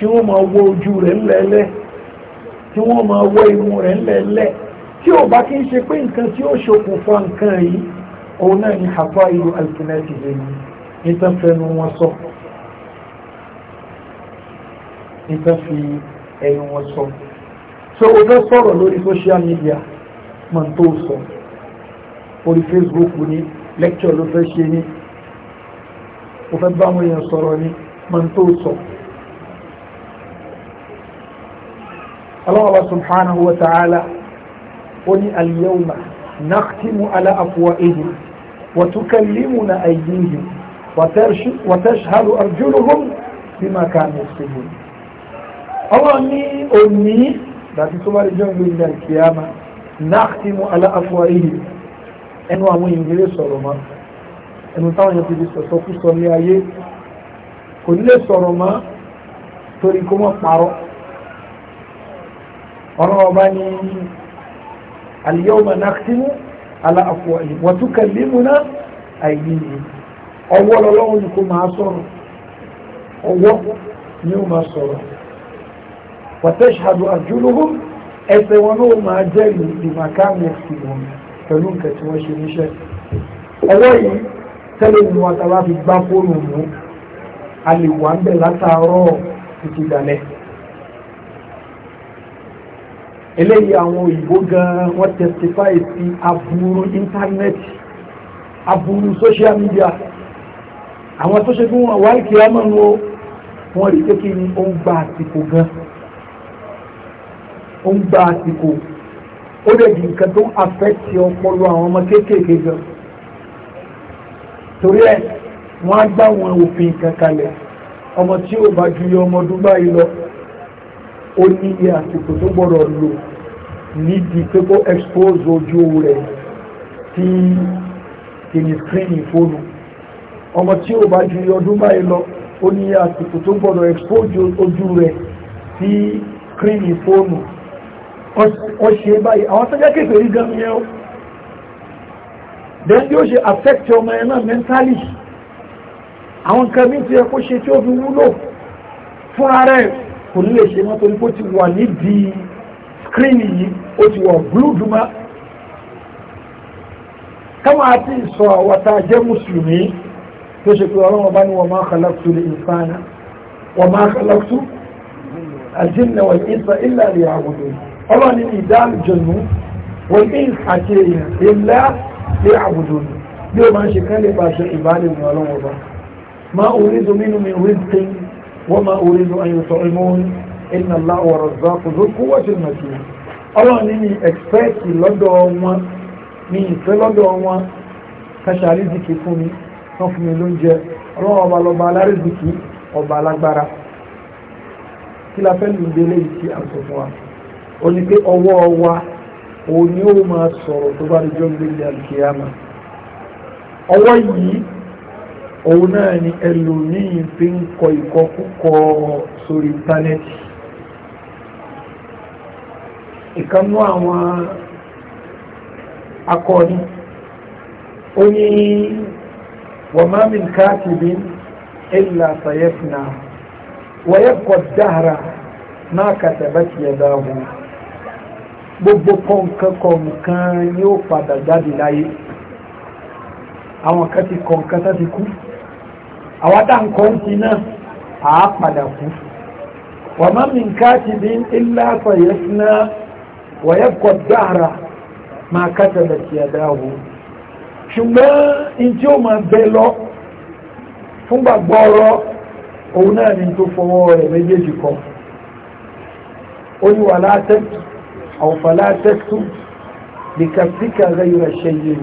tí wọ́n máa wọ ojú rẹ̀ ńlẹ̀ẹ́lẹ̀ tí wọ́n máa wọ imú rẹ̀ ńlẹ̀ẹ́lẹ̀ tí ò bá kí ń ṣe pé nǹkan tí ó ṣokùnfà nǹkan yìí òun náà ni àbá ìlú alfinati lè ní ìtànfẹ́nu wọn sọ ìtànfi ẹnu wọn sọ so o fẹ́ sọ̀rọ̀ lórí social media máa tó sọ orí Facebook ní lecture ló fẹ́ ṣe ní o fẹ́ bá àwọn èèyàn sọ̀rọ̀ ní máa tó sọ. So. Allah subhanahu wa ta'ala ó ní al-yawma nakhtimu ala afwahihim wa tukallimuna aydihim wa tashhadu arjuluhum bima kanu yaksibun Allah ní òní láti tó bá rí jọ́ ìlú ilẹ̀ kìyàmá nakhtimu ala afwahihim ẹnu àwọn ìrìnlẹ̀ sọ̀rọ̀ mọ́ ẹnu táwọn yẹn ti di sọ̀sọ̀ kú sọ ní ayé kò ọlọ́ọ̀bá ní al-yawma nakhtimu ala afwahihim wa tukallimuna aydihim ọwọ́ lọ́wọ́ ní kò máa sọ̀rọ̀ ọwọ́ ni ó máa sọ̀rọ̀ wa tashhadu arjuluhum ẹsẹ̀ wọn náà máa jẹ́rìí ìmàkàmù ẹ̀sìn wọn pẹ̀lú nǹkan tí wọ́n ṣe níṣẹ́ ọwọ́ yìí tẹ́lẹ̀ ní wọn tàbá fi gbá fóònù mú a lè wà ń bẹ̀ látàárọ̀ títí dalẹ́ eléyìí àwọn òyìnbó gan wọ́n testify sí aburú íńtánẹ́ẹ̀tì aburú social media àwọn tó ṣe fún wọn wáyé kí á mọ̀ ní wọ́n rí pé kí ni ó ń gba àsìkò gan ó ń gba àsìkò ó lè di nǹkan tó ń affecti ọpọlọ àwọn ọmọ kéékèèké gan torí ẹ̀ wọ́n á gbá wọn òfin kan ọmọ tí ó bá ju ọmọ ọdún báyìí lọ ó ní iye àsìkò tó gbọ́dọ̀ lò nídìí pé kó expose ojú rẹ̀ tí kìíní screen fóònù ọmọ tí ó bá ju ọdún báyìí lọ ó ní àsìkò tó gbọ́dọ̀ expose ojú rẹ̀ sí screen fóònù ọ̀ṣẹ́ báyìí àwọn tó jẹ́ kékeré gan yẹn o then bí ó ṣe affect ọmọ ẹ̀ náà mentally àwọn nǹkan mi ti yẹ kó ṣe tí ó fi wúlò fúnra rẹ̀ kò ní lè ṣe mọ́ torí kó ti wà nídìí skrini yìí ó ti wọ̀ búlúùdù mọ́ káwọn àti ìsọ àwọn tá a jẹ́ mùsùlùmí tó ṣe pé ọlọ́wọ́n bá ní wọ́n máa kàlákùtù lè ìfàànà wọ́n máa kàlákùtù àjínà wọ́n ìsà ilà lè àwùjọ ọlọ́wọ́n ní ìdáàlù jẹ̀nu wọ́n ní àti èèyàn ilà lè àwùjọ bí ó máa ṣe kán lè pàṣẹ ìbálẹ̀ ní ọlọ́wọ́n bá máa orí domínú mi orí tí wọ́n máa orí do ayọ̀tọ̀ ìmọ̀ inna Allahu wa razzaqu dhu quwwatil matin ọlọ́run ní ní ẹ̀kpẹ́ẹ̀tì lọ́dọ̀ wọn ní ìfẹ́ lọ́dọ̀ wọn kàṣà àrízìkì fún mi tán fún mi lóúnjẹ ọlọ́run ọba lọ́ba alárízìkì ọba alágbára kí la fẹ́ lù délé yìí tí a wa ó ní pé ọwọ́ wa òun ni ó máa sọ̀rọ̀ tó bá rí jọ́ gbélé àlùkìyàmà ọwọ́ yìí òun náà ni ẹlòmíín fi ń kọ ìkọkúkọ sórí íńtánẹ́ẹ̀tì ìkànnú àwọn akọni ó ní وما من كاتب إلا سيفنى ويبقى الدهر ما كتبت يداه gbogbo kọ̀ǹkan ni ó padà jáde láyé àwọn kan ti kọ̀ǹkan tó ti kú àwọn dáǹkọ́ ti náà àá padà kú wa ma min illa ويبقى الدهر ما كتبت يداه ṣùgbọ́n in tí ó ma bẹ lọ fún gbàgbọ́ ọ̀rọ̀ òun náà ni tó fọwọ́ rẹ̀ méjèèjì kọ ó ní wà látẹ́kù àwòfà látẹ́kù lè kàfíkà rẹ̀ ṣe yìí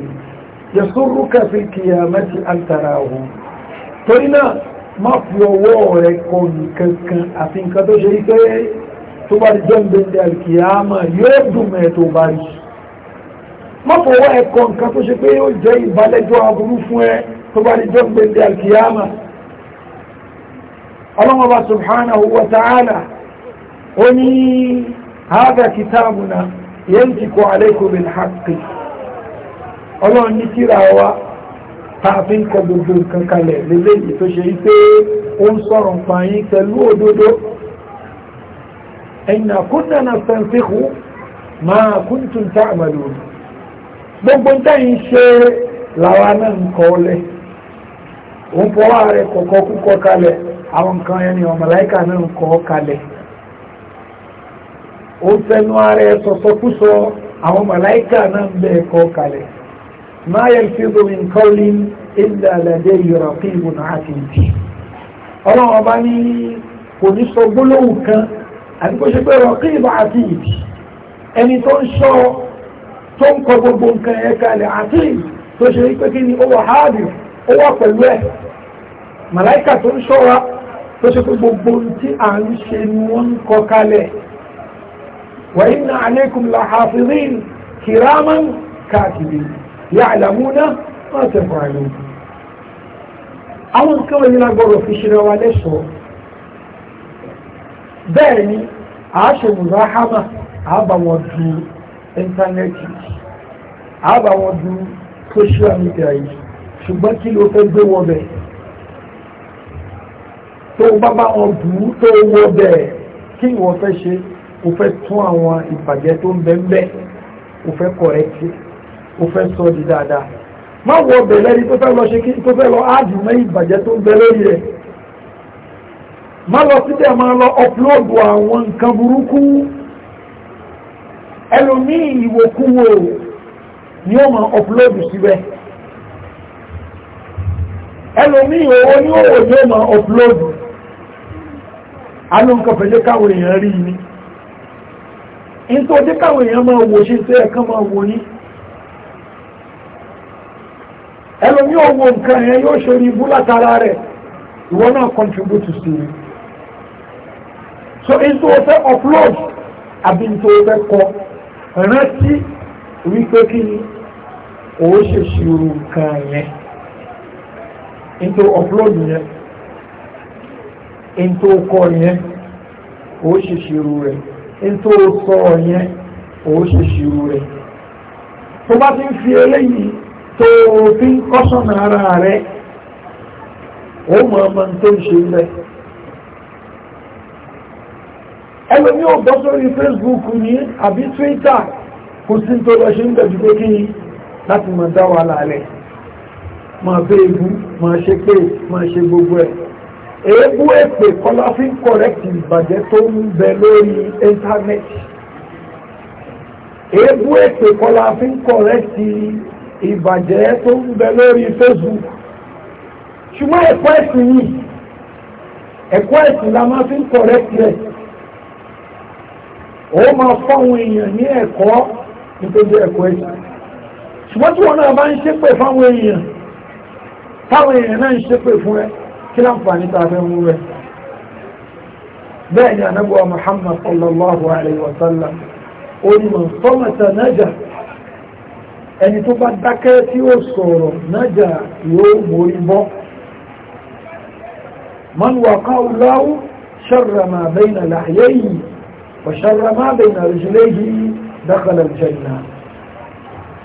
yẹ sórú kàfíkì yà tó bá di jọ́ǹde ní alkiyama yóò dùn mẹ́ tó bá rí má fọwọ́ ẹ̀kọ́ nǹkan tó ṣe pé yóò jẹ́ ìbálẹ́jọ́ aburú fún ẹ tó bá di jọ́ǹde ní alkiyama ọlọ́mọba subhanahu wa ta'ala ó ní hada kitabuna yantiqu alaykum bil haqqi ọlọ́run ní kíra wa tààfin kọ gbogbo nǹkan kalẹ̀ lélẹ́yìí tó ṣe ó ń sọ̀rọ̀ nǹkan yín pẹ̀lú ẹ̀yìn àkúnnà náà sẹ́ńsíkù máa kúntùn tá àmàlù gbogbo táyìn ṣe làwa náà ń kọ́ lẹ̀ òun fọwọ́ rẹ̀ kọ̀kọ́ kúkọ́ kalẹ̀ àwọn nǹkan ẹni ọmọláìkà náà ń kọ́ kalẹ̀ ó fẹnu ara ẹ sọ̀sọ̀kúsọ àwọn mọ̀láìkà náà ń bẹ̀ kọ́ kalẹ̀ máa yẹ fi gbogbo nǹkan lé ilẹ̀ àlàdé yọ̀rọ̀ kí ìbùnà àti ìdí ọlọ́run ọba ní kò ní sọ gbólóhùn kan àti kó ṣe pé rọ̀kí ìbá àti ìbí ẹni tó ń ṣọ́ tó ń kọ gbogbo nǹkan ẹ̀ kalẹ̀ àti tó ṣe pé kí ni ó wà háàdì ó wà pẹ̀lú ẹ̀ màláìkà tó ń ṣọ́ tó ṣe pé gbogbo tí à ń ṣe ni wọ́n ń kọ kalẹ̀ wa inna alaykum la hafizin kiraman katibin ya'lamuna ma taf'alun àwọn nǹkan wọ̀nyí la gbọ́dọ̀ fi ṣe ra lẹ́sọ̀ọ́ bẹ́ẹ̀ ni àáṣe mùsàhámà àbá wọn du íńtánẹ́ẹ̀tì àbá wọn du social media yìí ṣùgbọ́n kí ló fẹ́ gbé wọn bẹ̀ tó bá bá wọn dù ú tó wọ bẹ̀ kí ìwọ fẹ́ ṣe o fẹ́ tún àwọn ìbàjẹ́ tó ń bẹ́ńbẹ́ o fẹ́ kọ̀rẹ́tì o fẹ́ sọ di dáadáa má wọ bẹ̀ lẹ́ni tó fẹ́ lọ ṣe kí tó fẹ́ lọ áàdùn mẹ́ ìbàjẹ́ tó ń bẹ lórí rẹ̀. má lọ síbẹ̀ máa lọ ọ̀pọ̀lọ́dù àwọn nǹkan burúkú ẹlòmíì ìwòkúwò ni ó máa ọ̀pọ̀lọ́dù síbẹ̀ ẹlòmíì owó ní ni ó máa ọ̀pọ̀lọ́dù alóǹkan pẹ̀lẹ́ káwọn èèyàn rí ni nítorí káwọn èèyàn máa wò ṣe tẹ́ ẹ̀kan máa wò ní ẹlòmíì owó nǹkan yẹn yóò ṣe rí ibú látara rẹ̀ ìwọ náà contribute so n tó o fẹ́ upload àbí n tó o fẹ́ kọ rántí wípé kí ni o ṣe ṣirò nǹkan yẹn n tó upload yẹn n tó kọ yẹn o ṣe ṣirò rẹ̀ n tó sọ yẹn o ṣe ṣirò rẹ̀ tó bá ti ń fi eléyìí tó o fi ń kọ́sọ̀nà ara rẹ̀ o mọ̀ ọmọ tó ń ṣe ẹlòmí ò bọ́ sórí facebook ní àbí twitter kò sí tó lọ ṣe ń gbẹ̀jú pé kí láti máa dá wa lálẹ́ máa bẹ́ ebu máa ṣe pé máa ṣe gbogbo ẹ̀ èébú èpè kọlá fi ń correct ìbàjẹ́ tó ń bẹ lórí íńtánẹ́ẹ̀tì èébú èpè kọlá fi ń correct ìbàjẹ́ tó ń bẹ lórí facebook ṣùgbọ́n ẹ̀kọ́ ẹ̀sìn yìí ẹ̀kọ́ ẹ̀sìn la máa fi ń correct rẹ̀ ó máa fáwọn èèyàn ní ẹ̀kọ́ nítorí ẹ̀kọ́ ẹ̀sìn ṣùgbọ́n tí wọn náà bá ń ṣépè fáwọn èèyàn táwọn èèyàn náà ń ṣépè fún ẹ kí láǹfààní tá a fẹ́ mú rẹ bẹ́ẹ̀ ni anábọ̀ Muhammad sallallahu alayhi wa sallam ó ní nájà ẹni tó bá dákẹ́ tí ó sọ̀rọ̀ nájà yóò mórí bọ́ man wà káwùláwù sharra ma yìí وشر ما بين رجليه دخل الجنة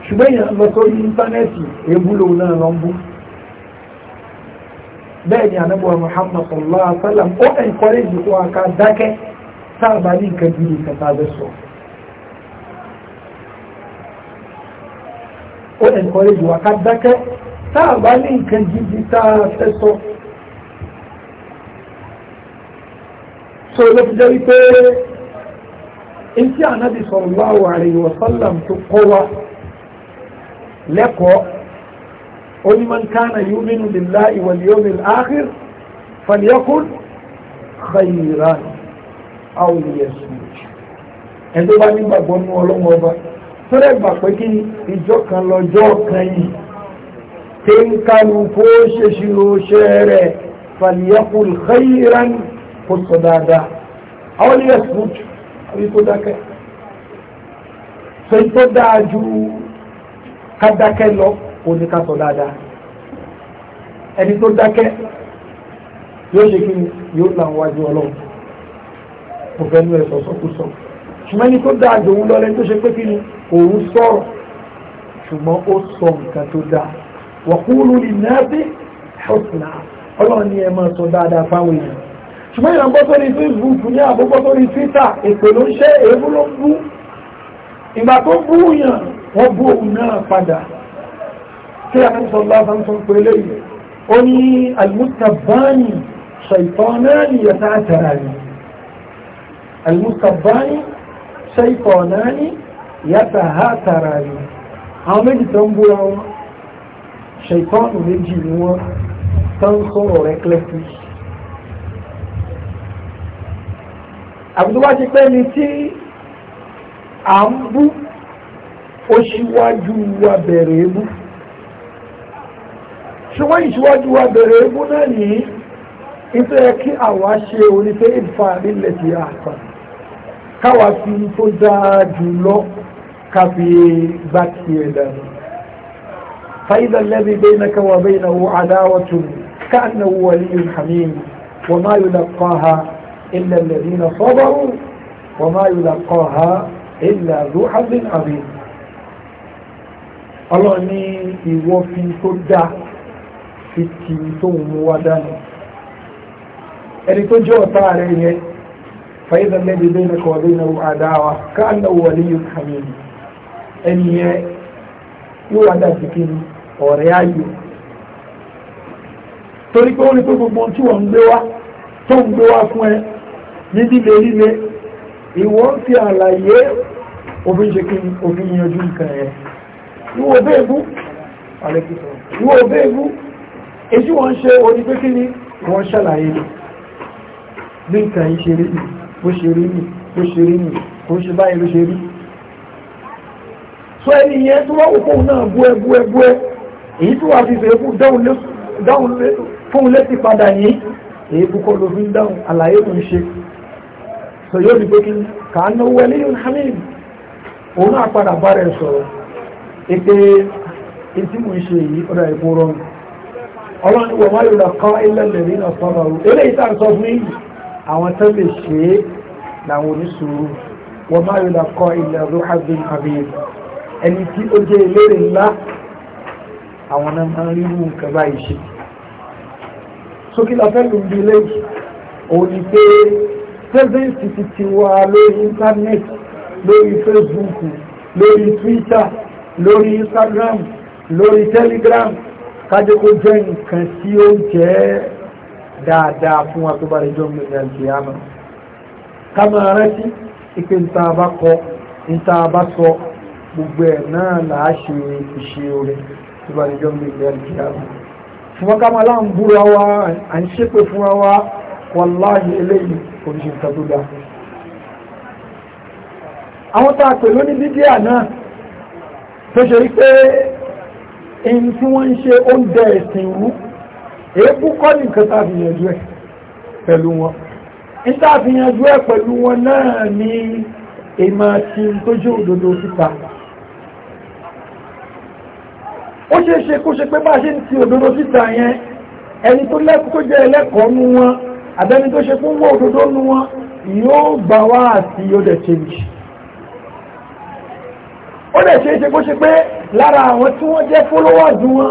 ṣùgbọ́n yẹn lọ sórí íńtánẹ́ẹ̀tì èébú lòun náà lọ ń bú bẹ́ẹ̀ ni anábọ̀ Muhammad sallallahu alaihi wasallam ó ẹ̀ńkọ́rẹ́jì kó a ká dákẹ́ sáàbà ní nǹkan bí nǹkan tá a bẹ sọ ó ẹ̀ńkọ́rẹ́jì wa ká dákẹ́ sáàbà ní nǹkan jíjí tá a fẹ́ sọ so ló fi jẹ́ wípé etí ànábì sallallahu alaihi wasallam tó kọ́ wa lẹ́kọ̀ọ́ onímọ̀n kánà yu'minu billahi wal yawmil akhir falyakun khayran aw liyasmut ẹ̀dọ́ bá nígbàgbọ́ nú ọlọ́wọ́ ọba fẹ́rẹ̀ gbà pé kí ìjọ kan lọ́jọ́ kan yìí tí ń kánu kó ṣe ṣírò ṣe rẹ̀ falyakun khayran kó sọ dáadáa aw àbí kó dákẹ́ sẹ́yìn tó dáa ju ká dákẹ́ lọ kò ní ká sọ dáadáa ẹni tó dákẹ́ yóò ṣe kí ni yóò là ń wájú ọlọ́run kò fẹ́ nu ẹ̀sọ́ sọ́kùsọ ṣùgbọ́n ẹni tó dáa ju òun lọ tó ṣe pé kí ni òun sọ̀rọ̀ ṣùgbọ́n ó sọ nǹkan tó dáa waqulu lin-nasi ọlọ́run ni ẹ máa sọ dáadáa fáwọn èèyàn ṣùgbọ́n èèyàn gbọ́ sórí facebook ní àbúgbọ́ sórí twitter èpè ló ń ṣe èébú ló ń bú ìgbà tó bú yàn wọ́n bú òun náà padà tí a ń sọ lásán tó ń pè léyìí ó ní almustabbani shaytanani yatatarani almustabbani shaytanani yatatarani àwọn méjì tó ń búra wọn ṣètọ́nù méjì ni wọ́n tán sọ̀rọ̀ rẹ̀ cleffish àbí tó bá ti pẹ́ ni tí à ń bú ó ṣíwájú wa bẹ̀rẹ̀ ebú ṣùgbọ́n ìṣíwájú wa bẹ̀rẹ̀ ebú náà nìyí nítorí kí àwa ṣe onífẹ́ ìfà nílẹ̀ tí a kàn káwa fi tó dáa jù lọ ká gbá tiẹ̀ dànù فإذا الذي بينك وبينه عداوة كأنه ولي حميم وما يلقاها إلا الذين صبروا وما يلقاها إلا ذو حظ عظيم Allah ní ìwọ fi tó dá fi tì tó ń mú wá dání ẹni tó jẹ́ ọ̀tá rẹ̀ yẹn فإذا الذي بينك وبينه عداوة كأنه ولي حميم ẹni yẹn yóò wá dàbí kí ni ọ̀rẹ́ ayò torí pé ó rí pé gbogbo ohun tí wọ́n ń gbé wá tó ń gbé wá fún ẹ ní líle líle ìwọ ń fi àlàyé òfin ṣe kí òfin yanjú nǹkan ẹ̀ ìwọ bẹ́ẹ̀bú ìwọ bẹ́ẹ̀bú èyí wọ́n ṣe onígbé kí ni wọ́n ṣàlàyé ní nǹkan yìí ṣe rí ni bó ṣe rí ni bó ṣe rí ni kò ṣe báyìí ló ṣe rí so ẹni yẹn tó wá òkú náà bú ẹ bú ẹ èyí tó wà fi fẹ́ fún dáhùn fóun létí padà yìí èébú kọ́ ló dáhùn àlàyé ló ń ṣe sọ yóò di pé kí kàánú wẹlé yóò hamid òun náà padà bá rẹ̀ sọ̀rọ̀ ètè etí mò ń ṣe yìí ọ̀dà ìpò rọrùn ọlọ́run wọ̀ máa yóò lọ kọ́ ilẹ̀ lẹ́rìí náà sọ̀rọ̀ o eléyìí tá à ń sọ fún yìí àwọn tó lè ṣe é làwọn oníṣòro wọ̀ máa yóò lọ kọ́ ilẹ̀ ruhabin ẹni tí ó jẹ́ eléré ńlá àwọn náà máa ń rí irú nǹkan báyìí ṣe sókè lọ́fẹ́ lòun bí pé presence ti ti wà lórí internet lórí facebook lórí twitter lórí instagram lórí telegram kájọ kó jẹ́ nǹkan tí ó jẹ́ dáadáa fún wa tó bá lè jọ mẹ́rin àti àmà ká máa rántí ipe níta bá kọ níta sọ gbogbo ẹ̀ náà làá ìṣe orin tó bá àmà fún wa ká máa láǹbúra fún wa wàláhì eléyìí oríṣi nǹkan tó dáa àwọn tá a pè lóní bídíà náà tó ṣe wípé ẹni tí wọ́n ń ṣe oúnjẹ ẹ̀sìn ìwú èébú kọ́ ní nǹkan tá a fi yanjú ẹ̀ pẹ̀lú wọn ní tá a fi yanjú ẹ̀ pẹ̀lú wọn náà ni èèmọ̀ ti tó jẹ́ òdodo síta ó ṣeé ṣe kó ṣe pé bá a ṣe ń ti òdodo síta yẹn ẹni tó lẹ́kọ̀ọ́ tó jẹ́ ẹlẹ́kọ̀ọ́ nú wọn àbẹ́ni tó ṣe fún wọ́n òdodo nu wọn yóò gbà wá àti yóò dẹ̀ change ó dẹ̀ ṣe é ṣe kó ṣe pé lára àwọn tí wọ́n jẹ́ followers wọn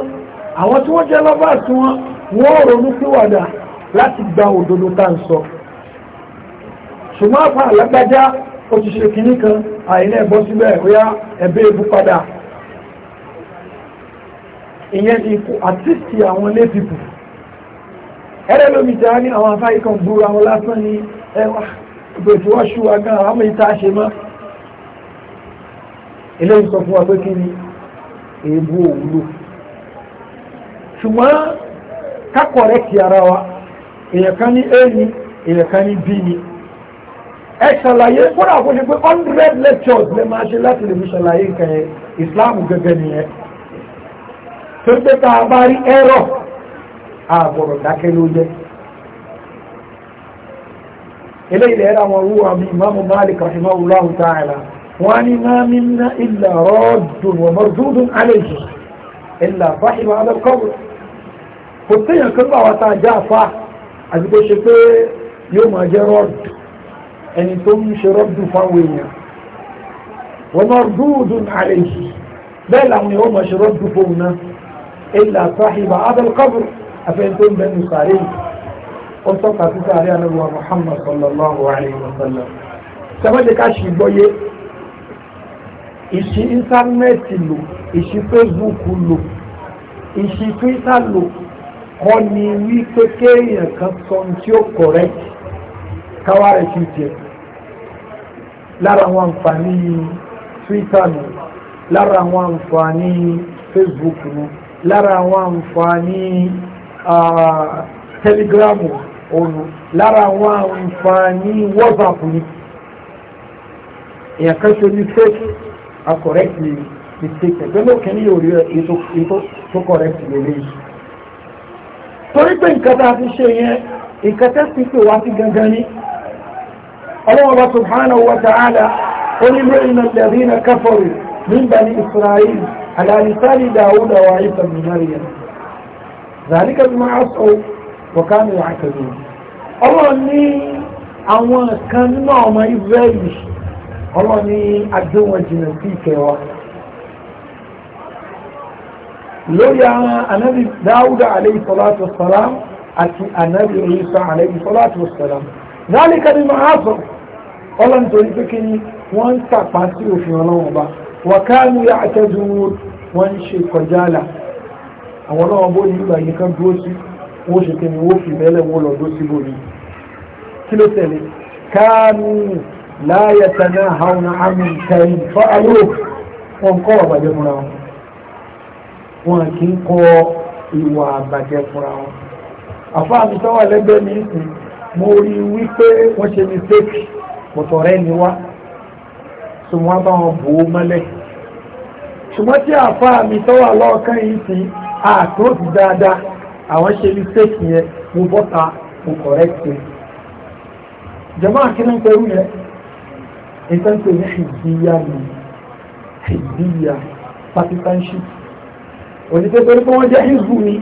àwọn tí wọ́n jẹ́ lovers wọn wọ́n ronú pìwàdà láti gba òdodo tá ń sọ ṣùgbọ́n àpá àlágbájá ó ti ṣe kìíní kan àìní ẹ̀bọ́ síbẹ̀ óyá ẹ̀bẹ́ ebú padà ìyẹn ikú àtìsí àwọn lé ẹ̀rẹ́ lómi tí a ní àwọn afá ikọ̀ gbúra wọn lásán ní ẹwà ìgbètí wọ́n ṣú wa gan àwọn ìta ṣe mọ́ ilé ìsọ fún wa pé kí ni èébú òwúlò ṣùgbọ́n kákọ̀ rẹ̀ kí ara wa èèyàn kan ní a èèyàn kan ní b ni ẹ ṣàlàyé kódà kó ṣe pé hundred lectures lè máa ṣe láti lè fi ṣàlàyé nǹkan ẹ ìsìláàmù gẹ́gẹ́ nìyẹn tó ń pẹ́ tá a bá rí ẹ̀rọ àgbọ̀rọ̀ dákẹ́ ló jẹ́ eléyìí lè ra wọn wúwa mi ìmáàmù Malik rahimahullahu ta'ala wọn ni máa mi ná illa raddun wa mardudun alayhi illa fáhìmá alẹ́kọ̀ọ́ kò téèyàn kan bá wa ta já fa àti kò ṣe pé yóò máa jẹ́ rọ́ọ̀dù ẹni tó ń ṣe rọ́ọ̀dù fáwọn èèyàn wa mardudun alayhi bẹ́ẹ̀ làwọn yóò máa ṣe rọ́ọ̀dù fóun náà illa fáhìmá alẹ́kọ̀ọ́ afẹ́ni tó ń bẹ nù sàárè ó tọ́ka sí sàárè anábíwá Muhammad sallallahu alayhi wa sallam sẹ́wọ́dé ká ṣì gbọ́yé ìṣí íńtánẹ́ẹ̀tì lò ìṣí Facebook lò ìṣí Twitter lò kọ́ ni wípé kéèyàn kan sọ tí ó correct káwá rẹ̀ ti jẹ lára àwọn àǹfààní Twitter nù lára àwọn àǹfààní Facebook nù lára àwọn àǹfààní telegram òru lára àwọn àǹfààní whatsapp ni èèyàn kan ṣe ní fake and correct ni mistake ẹgbẹ́ lókè ní orí ètò tó correct lélẹ́yìn torí pé nǹkan tá a fi ṣe yẹn nǹkan tẹ́ sí pé wá sí gangan ní ọlọ́wọ́ba subhanahu wa ta'ala ó ní lóyìn alladhina kafaru min bani israel ala lisani dawuda wa isa min maryam ذلك بما عصوا وكانوا يعتدون ọlọ́run ní àwọn kan nínú ọmọ israẹli ọlọ́run ní adéwọ̀n jìnnà sí ìkẹwà lórí àwọn anábì dáúdà alayhi salatu wassalam àti anábì Ìsá alayhi salatu wassalam ذلك بما عصوا ọlọ́run torí pé kí ni wọ́n ń tàpá sí òfin ọlọ́run ọba وكانوا يعتدون wọ́n ń ṣe kọjá là àwọn náà bó ní ìgbà yìí kan dúró sí wọ́n ṣe kí ni wọ́n fi mẹ́lẹ̀ wọ́n lọ dó sí borí kí ló tẹ̀lé káàmù láyé tẹ̀lé àwọn àmì kẹrin fọ́ ayé wọn kọ́ àbàjẹ́ fúnra wọn wọn kì í kọ́ ìwà àbàjẹ́ fúnra wọn àfa àmì sọ́wọ́ lẹ́gbẹ́ mi sì mo rí wípé wọ́n ṣe mistake pọ̀tọ̀ rẹ̀ ni wá tí wọ́n bá wọn bò ó mọ́lẹ̀ ṣùgbọ́n tí àfa àmì sọ́wọ́ lọ́ọ̀kan yìí sì àtúròsì ah, dáadáa àwọn ṣe mistake yẹn mo bọ́ta mo correct yẹn jama akínú pẹ̀lú yẹn nǹkan tó ní ṣìdíyà ni ṣìdíyà partisanship òdìdé torí pé wọ́n jẹ́ hizbu mi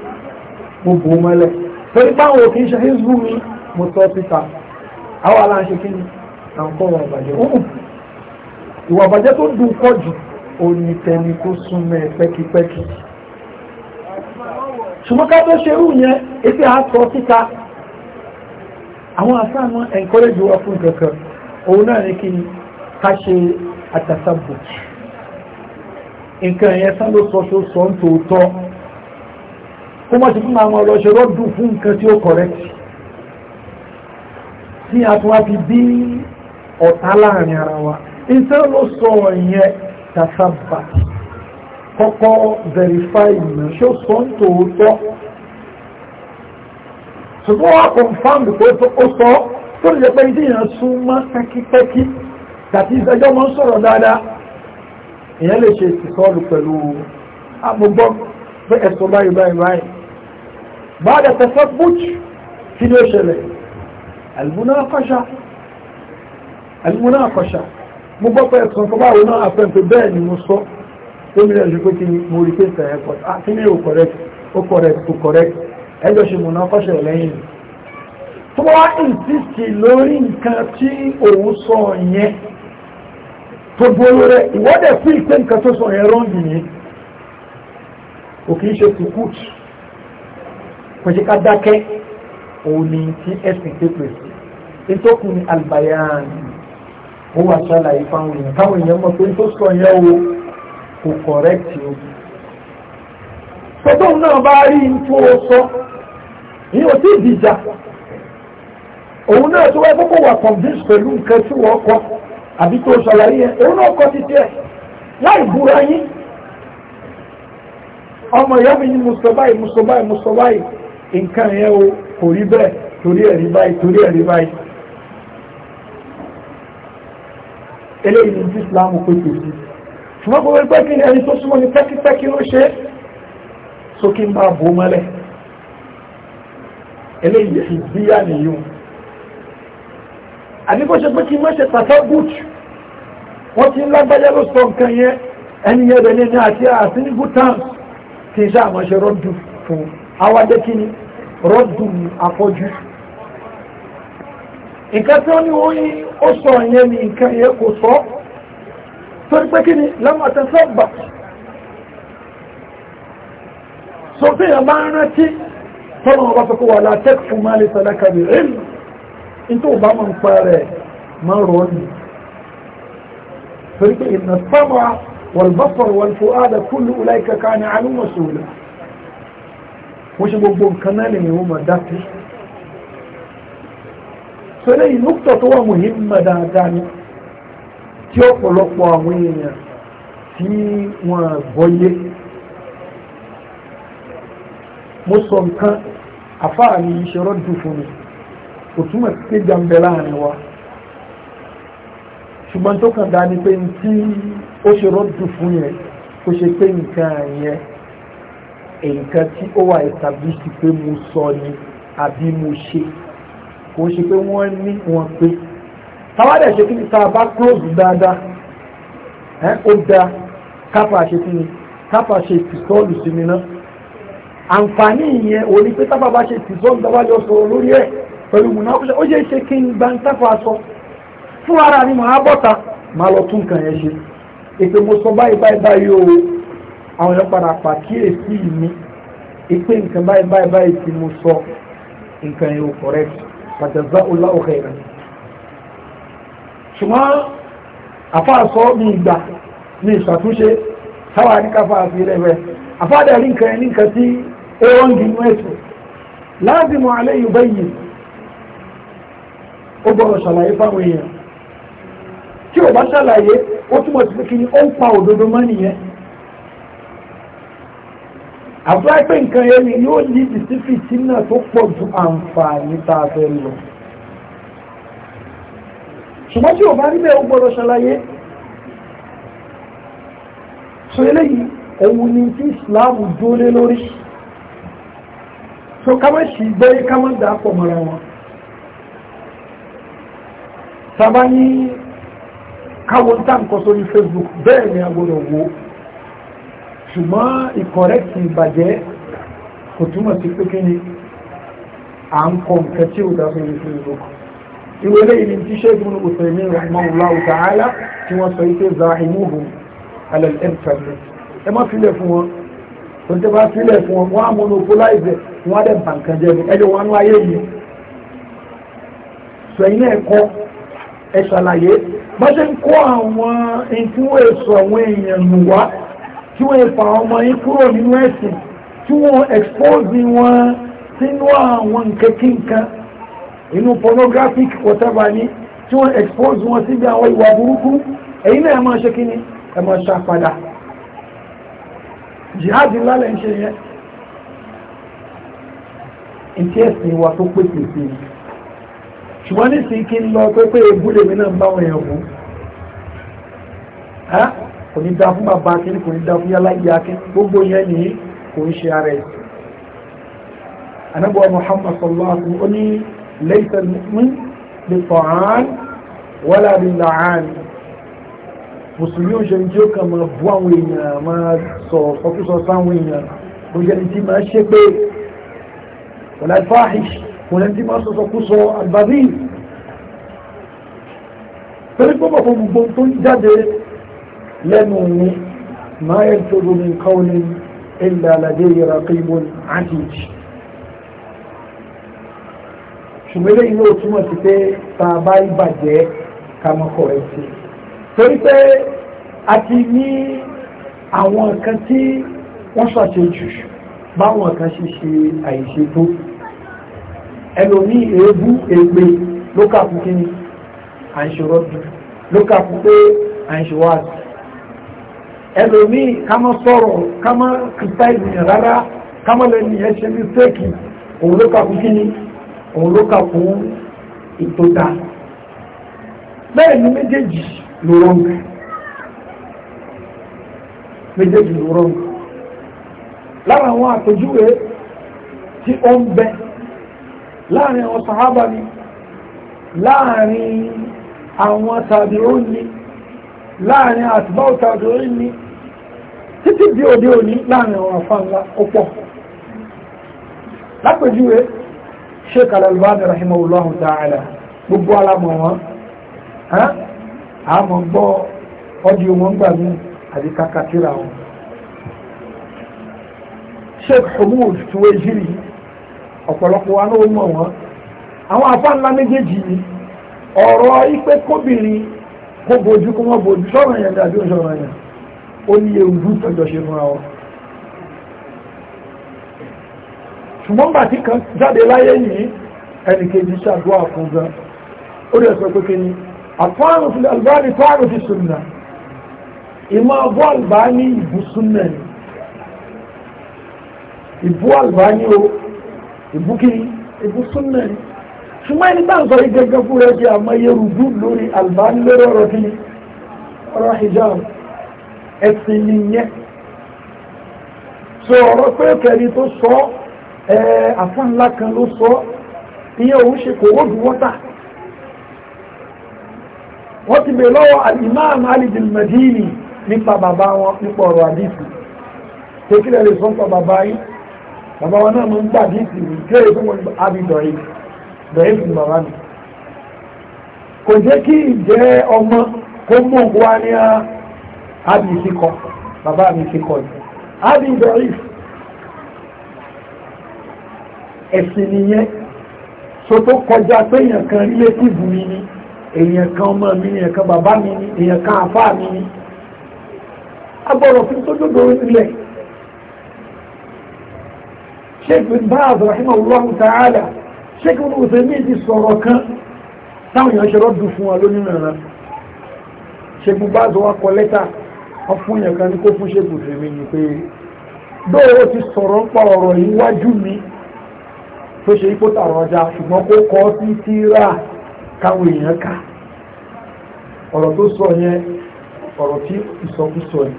mo bò mọ́lẹ̀ torí pé àwọn òkè ń ṣe hizbu mi mo sọ síta àwọn aláǹṣe kí ni à ń kọ́ wọn ìbàjẹ́ òun ìwà ìbàjẹ́ tó dùn pọ̀ jù ó tó súnmọ́ ẹ pẹ́kipẹ́ki ṣùgbọ́n ká tó ṣerú yẹn ebi àtọ̀ síta àwọn àfáàmọ́ encourage wa fún kankan òun náà ní kí ká ṣe àtàtàbò nǹkan yẹn sá ló sọ sọ ń tòótọ́ kó mọ̀ sí fún àwọn ọlọ́ṣẹ́ rọ́dùn fún nǹkan tí ó correct tí a tún wá fi bí ọ̀tá láàrin ara wa nǹkan ló sọ yẹn tàṣàbàtì kọ́kọ́ verify show ṣé ó sọ ń tòótọ́ ṣùgbọ́n wọ́n confam pé ó sọ tó lè pẹ́ ìdí ìyàn súnmọ́ pẹ́kípẹ́kí tàbí ìdájọ́ mọ́ sọ̀rọ̀ dáadáa ìyẹn lè ṣe ìsọ́lù pẹ̀lú amúgbọ́ ah, pé ẹ̀sọ́ báyìí báyìí báyìí bá a dẹ̀tẹ̀ fẹ́ butch kí ni ó ṣẹlẹ̀ al-munaqasha al-munaqasha mo gbọ́ pé ẹ̀sọ́ kan báwo náà àfẹ́ǹpẹ́ bẹ́ẹ̀ ni mo sọ tẹ́mílẹ̀ ṣe pé kí ni mo rí pé ń tẹ̀yẹ ah kí ni ò correct ó correct kò correct ẹjọ́ ṣe mọ̀nà kọ́ṣẹ̀ lẹ́yìn tó wá ìtìsì lórí nǹkan tí òun sọ yẹn tó gbóró rẹ ìwọ́dẹ̀ fún ìpé nǹkan tó sọ yẹn rọ́ǹgì yẹn kò kì í ṣe sukut kò ká dákẹ́ òun ni tí ẹ̀sìn pépè sí ètòkù ni albayan ó wà ṣàlàyé fáwọn èèyàn táwọn èèyàn mọ̀ pé tó sọ yẹn o kò kọ̀rẹ́kì o tọ́tọ́ náà bá rí tó o sọ ní o ti dìjà òun náà tó wá gbogbo wà convince pẹ̀lú nǹkan tí wọ́n kọ àbí tó ṣàlàyé yẹn òun náà kọ títí ẹ̀ láì búra yín ọmọ ìyá mi ní mùsùlùmáì mùsùlùmáì mùsùlùmáì nǹkan yẹn o kò rí bẹ́ẹ̀ torí ẹ̀rí báyìí torí ẹ̀rí báyìí eléyìí ní islam pé kò sí ṣùgbọ́n kò wẹ́gbẹ́ kí ni ẹni tó súnmọ́ ni pẹ́kípẹ́kí ló ṣe sókè ń bá bò mọ́lẹ̀ eléyìí ìbíyà nìyí àdíkò ṣe pé kí má ṣe pàtẹ́ bùtù wọ́n ti ń lágbájá ló sọ nǹkan yẹn ẹni yẹn bẹ̀ ní àti àti ní good times kì í ṣe àmọ́ rọ́dù fún awádé kí ni rọ́dù àpọ̀jù nǹkan tí wọ́n ní ó sọ yẹn ni nǹkan yẹn kò sọ torí pé kí ni lọ́mọ àtẹ̀sọ́gbà sófin àbá ń rántí tọ́lọ̀ ọba fẹ́ kó wà látẹ́kù fún máa lè sàdákà bí rìn nítorí bá máa ń pa rẹ̀ máa rọ̀ ní torí pé ìnà sábà wàlbọ́sọ̀rọ̀ wàlfọ́ádà kúlù láìka ká ní alúmọ̀ wọ́n ṣe gbogbo nǹkan náà lè wọ́n máa dákú sọ́lẹ́ nùkútọ̀ tó wà mùhìmmà dáadáa tí ọ̀pọ̀lọpọ̀ àwọn èèyàn tí wọ́n gbọ́yé mo sọ nǹkan àfáà ní ìṣòro dùn fún mi kò túmọ̀ sí pé jàǹbẹ̀ láàrin wa ṣùgbọ́n tó kàn dá ni pé tí ó ṣe rọ́dù fún yẹn kò ṣe pé nǹkan yẹn nǹkan tí ó wà established pé mo sọ ni àbí mo ṣe kò ṣe pé wọ́n ní wọn pé tàwa dẹ̀ ṣe kí ni tá a bá close dáadáa ẹ ó da kápá ṣe kí ni kápá ṣe pìtọ́ọ̀lù sí mi náà àǹfààní ìyẹn ò ní pé tápá bá ṣe pìtọ́ọ̀lù tábà jọ sọ̀rọ̀ lórí ẹ̀ pẹ̀lú mùnà ó ṣe ṣe kí n gba tápá sọ fún ara ni màá bọ́ta màá lọ tún kàn yẹn ṣe èpè mo sọ báyìí báyìí báyìí o àwọn èèyàn padà pàkíyèsí mi ìpè nǹkan báyìí báyìí báyìí tí mo sọ nǹkan yẹn ò correct pàtàkì ọlá òkè ìrìn ṣùgbọ́n àfáàsọ́ mi ìgbà ní ìṣàtúnṣe táwà ní káfà àfi rẹ̀wẹ̀ àfáàdà rí nǹkan ẹni nǹkan tí ó wọ́n di inú ẹ̀sùn láàzìmọ̀ alẹ́ yìí bẹ́yìí ó gbọ́dọ̀ ṣàlàyé fáwọn èèyàn tí ò bá ṣàlàyé ó túmọ̀ ṣùgbọ́n tí ò bá rí bẹ́ẹ̀ ó gbọ́dọ̀ ṣàlàyé so eléyìí ẹ̀wù ni tí Islam dúró lórí so ká má ṣì gbé ká má dà pọ̀ mọ́ra wọn sábà ní káwọn táǹkọ sórí Facebook bẹ́ẹ̀ ni a gbọ́dọ̀ wo ṣùgbọ́n ìkọ̀rẹ́kì ìbàjẹ́ kò túmọ̀ sí pé kí ni à ń kọ nǹkan tí ò dá sórí Facebook ìwé lẹ́yìn ní tí ṣe ìgbìmọ̀ òsèmí rahimahullahu ta'ala tí wọ́n sọ ike zahimuhu alẹ́lẹ́mtẹ̀lẹ́ ẹ má filẹ̀ fún wọn tó ń tẹ́ bá filẹ̀ fún wọn wọ́n á monopolize wọ́n á dẹ̀ bàǹkan jẹ́ ni ẹjọ́ wọn ayé yìí sọ ẹ̀yin ẹ̀kọ́ ẹ ṣàlàyé bá ṣe ń kó àwọn ẹni tí wọ́n èso àwọn èèyàn nù wá tí wọ́n fa ọmọ yín kúrò nínú ẹ̀sìn tí wọ́n expose wọn sínú àwọn nǹkan kí nǹkan inú pornographic whatever ni tí wọ́n expose wọn síbi àwọn ìwà burúkú èyí náà ẹ máa ṣe kíni ẹ máa ṣá padà jihad ńlá lẹ́ ń ṣe yẹn ìtí ẹ̀sìn wa tó pèsè sí i ṣùgbọ́n nísìnyí kí n lọ pé pé ebú lèmi náà ń bá wọn yẹn wò ó kò ní dá fún bàbá akíní kò ní dá fún yálà ìyá akíní gbogbo yẹn nìyí kò ń ṣe ara ẹ̀ anábọ̀ Muhammad sallallahu alaihi ó ní. ليس المؤمن بالطعان ولا باللعان mùsùlùmí ò ṣẹni tí ó kàn máa bú àwọn èèyàn máa sọ ọkùsọ sáwọn èèyàn kò ṣẹni tí máa ṣe pé wọ̀lá fáhìṣ kò ṣẹni tí máa sọsọ kú sọ àgbàdì pẹ̀lú pọ́pọ̀ fún gbogbo tó ń jáde lẹ́nu òun máa yẹ tó lómi nǹkan ní ilẹ̀ aládé yẹra kí ibon àti ìjì ṣùgbọ́n eléyìí ló túmọ̀ sí pé tá a bá rí bàjẹ́ ká mọ́ kọ̀ ẹ́ sí torí pé a ti ní àwọn nǹkan tí wọ́n ṣàṣejù báwọn nǹkan ṣe ṣe àìṣe tó ẹlòmí èébú ègbè ló kàkú kí ni à ń ṣòro dùn ló kàkú pé à ń ṣòwò àti ẹlòmí ká mọ́ sọ̀rọ̀ ká mọ́ kìtà ìrìn rárá ká mọ́ lẹ́nu ẹ̀ ṣe ní séèkì òun ló kàkú kí ni òun ló kà fún ìtòta bẹ́ẹ̀ ni méjèèjì ló rọ́ǹkà méjèèjì ló rọ́ǹkà lára àwọn àpèjúwe tí ó ń bẹ láàrin àwọn sàhábà ni láàrin àwọn tàbíún ni láàrin àtìbáwò tàbíún ni títí bí òde òní láàrin àwọn àfáńlá ó pọ̀ lápèjúwe sheikh alalbani rahimahullahu ta'ala gbogbo alamọ wọn àmọ́ gbọ́ ọdí wọn gbà mí àti kakatira wọn sheikh humud tuwe jiri ọ̀pọ̀lọpọ̀ wa ló mọ̀ wọn àwọn afá ńlá méjèèjì ni ọ̀rọ̀ ipe kóbìnrin kó bojú kó wọ́n bojú sọ̀rọ̀ yẹn dàbí òṣọ̀rọ̀ yẹn ó ní ewu tọ́jọ́ ṣe fúnra wọn. ṣùgbọ́n bàtí kan jáde láyé yìí ẹnì kejì ṣàdúrà fún gan ó rẹ̀ sọ pé kíni àtọ́rùn fi albani tọ́rùn fi sunna ìmọ̀ ọgbọ́ albani ìbú sunna ni ìbú albani o ìbú kiri ìbú sunna ni ṣùgbọ́n ẹni bá ń sọ igẹ́gẹ́ fún rẹ̀ bí àmọ́ yerubú lórí albani lórí ọ̀rọ̀ kiri ọ̀rọ̀ hijab ẹ̀sìn nìyẹn so ọ̀rọ̀ pé kẹrin tó sọ ọ́ àfá ńlá kan ló sọ ìyẹn òun ṣe kò wọ́dù wọ́tà wọ́n ti bèèrè lọ́wọ́ imam Ali al-Madini nípa bàbá wọn nípa ọ̀rọ̀ àdìsí tó kí lè sọ nípa bàbá yìí bàbá wọn náà máa ń gbà àdìsí rí kéré fún wọn àbí dọ̀yìn dọ̀yìn fún bàbá mi kò jẹ́ kí ìjẹ́ ọmọ kó mú òkú ní àbí ìsìkọ bàbá mi ìsìkọ yìí àbí dọ̀yìn ẹ̀sìn nìyẹn so tó kọjá pé èèyàn kan rílétìbù mi ni èèyàn kan ọmọ mi ni èèyàn kan bàbá mi ni èèyàn kan àfáà mi ni agbọ́dọ̀ fún tó dódò nílẹ̀ sheikh bin baz rahimahullah ta'ala sheikh bin usaimi ti sọ̀rọ̀ kan táwọn èèyàn ṣe rọ́dù fún wa lónìí mẹ́rin sheikh bin baz wa kọ lẹ́tà wọn fún èèyàn kan ní kó fún sheikh usaimi ni pé dóòwò ti sọ̀rọ̀ ń pa ọ̀rọ̀ yìí wájú mi tó ṣe ipò tàwọn ọjà ṣùgbọ́n ó kọ́ sí tíra káwọn èèyàn ká ọ̀rọ̀ tó sọ yẹn ọ̀rọ̀ tí ìsọkúsọ yẹn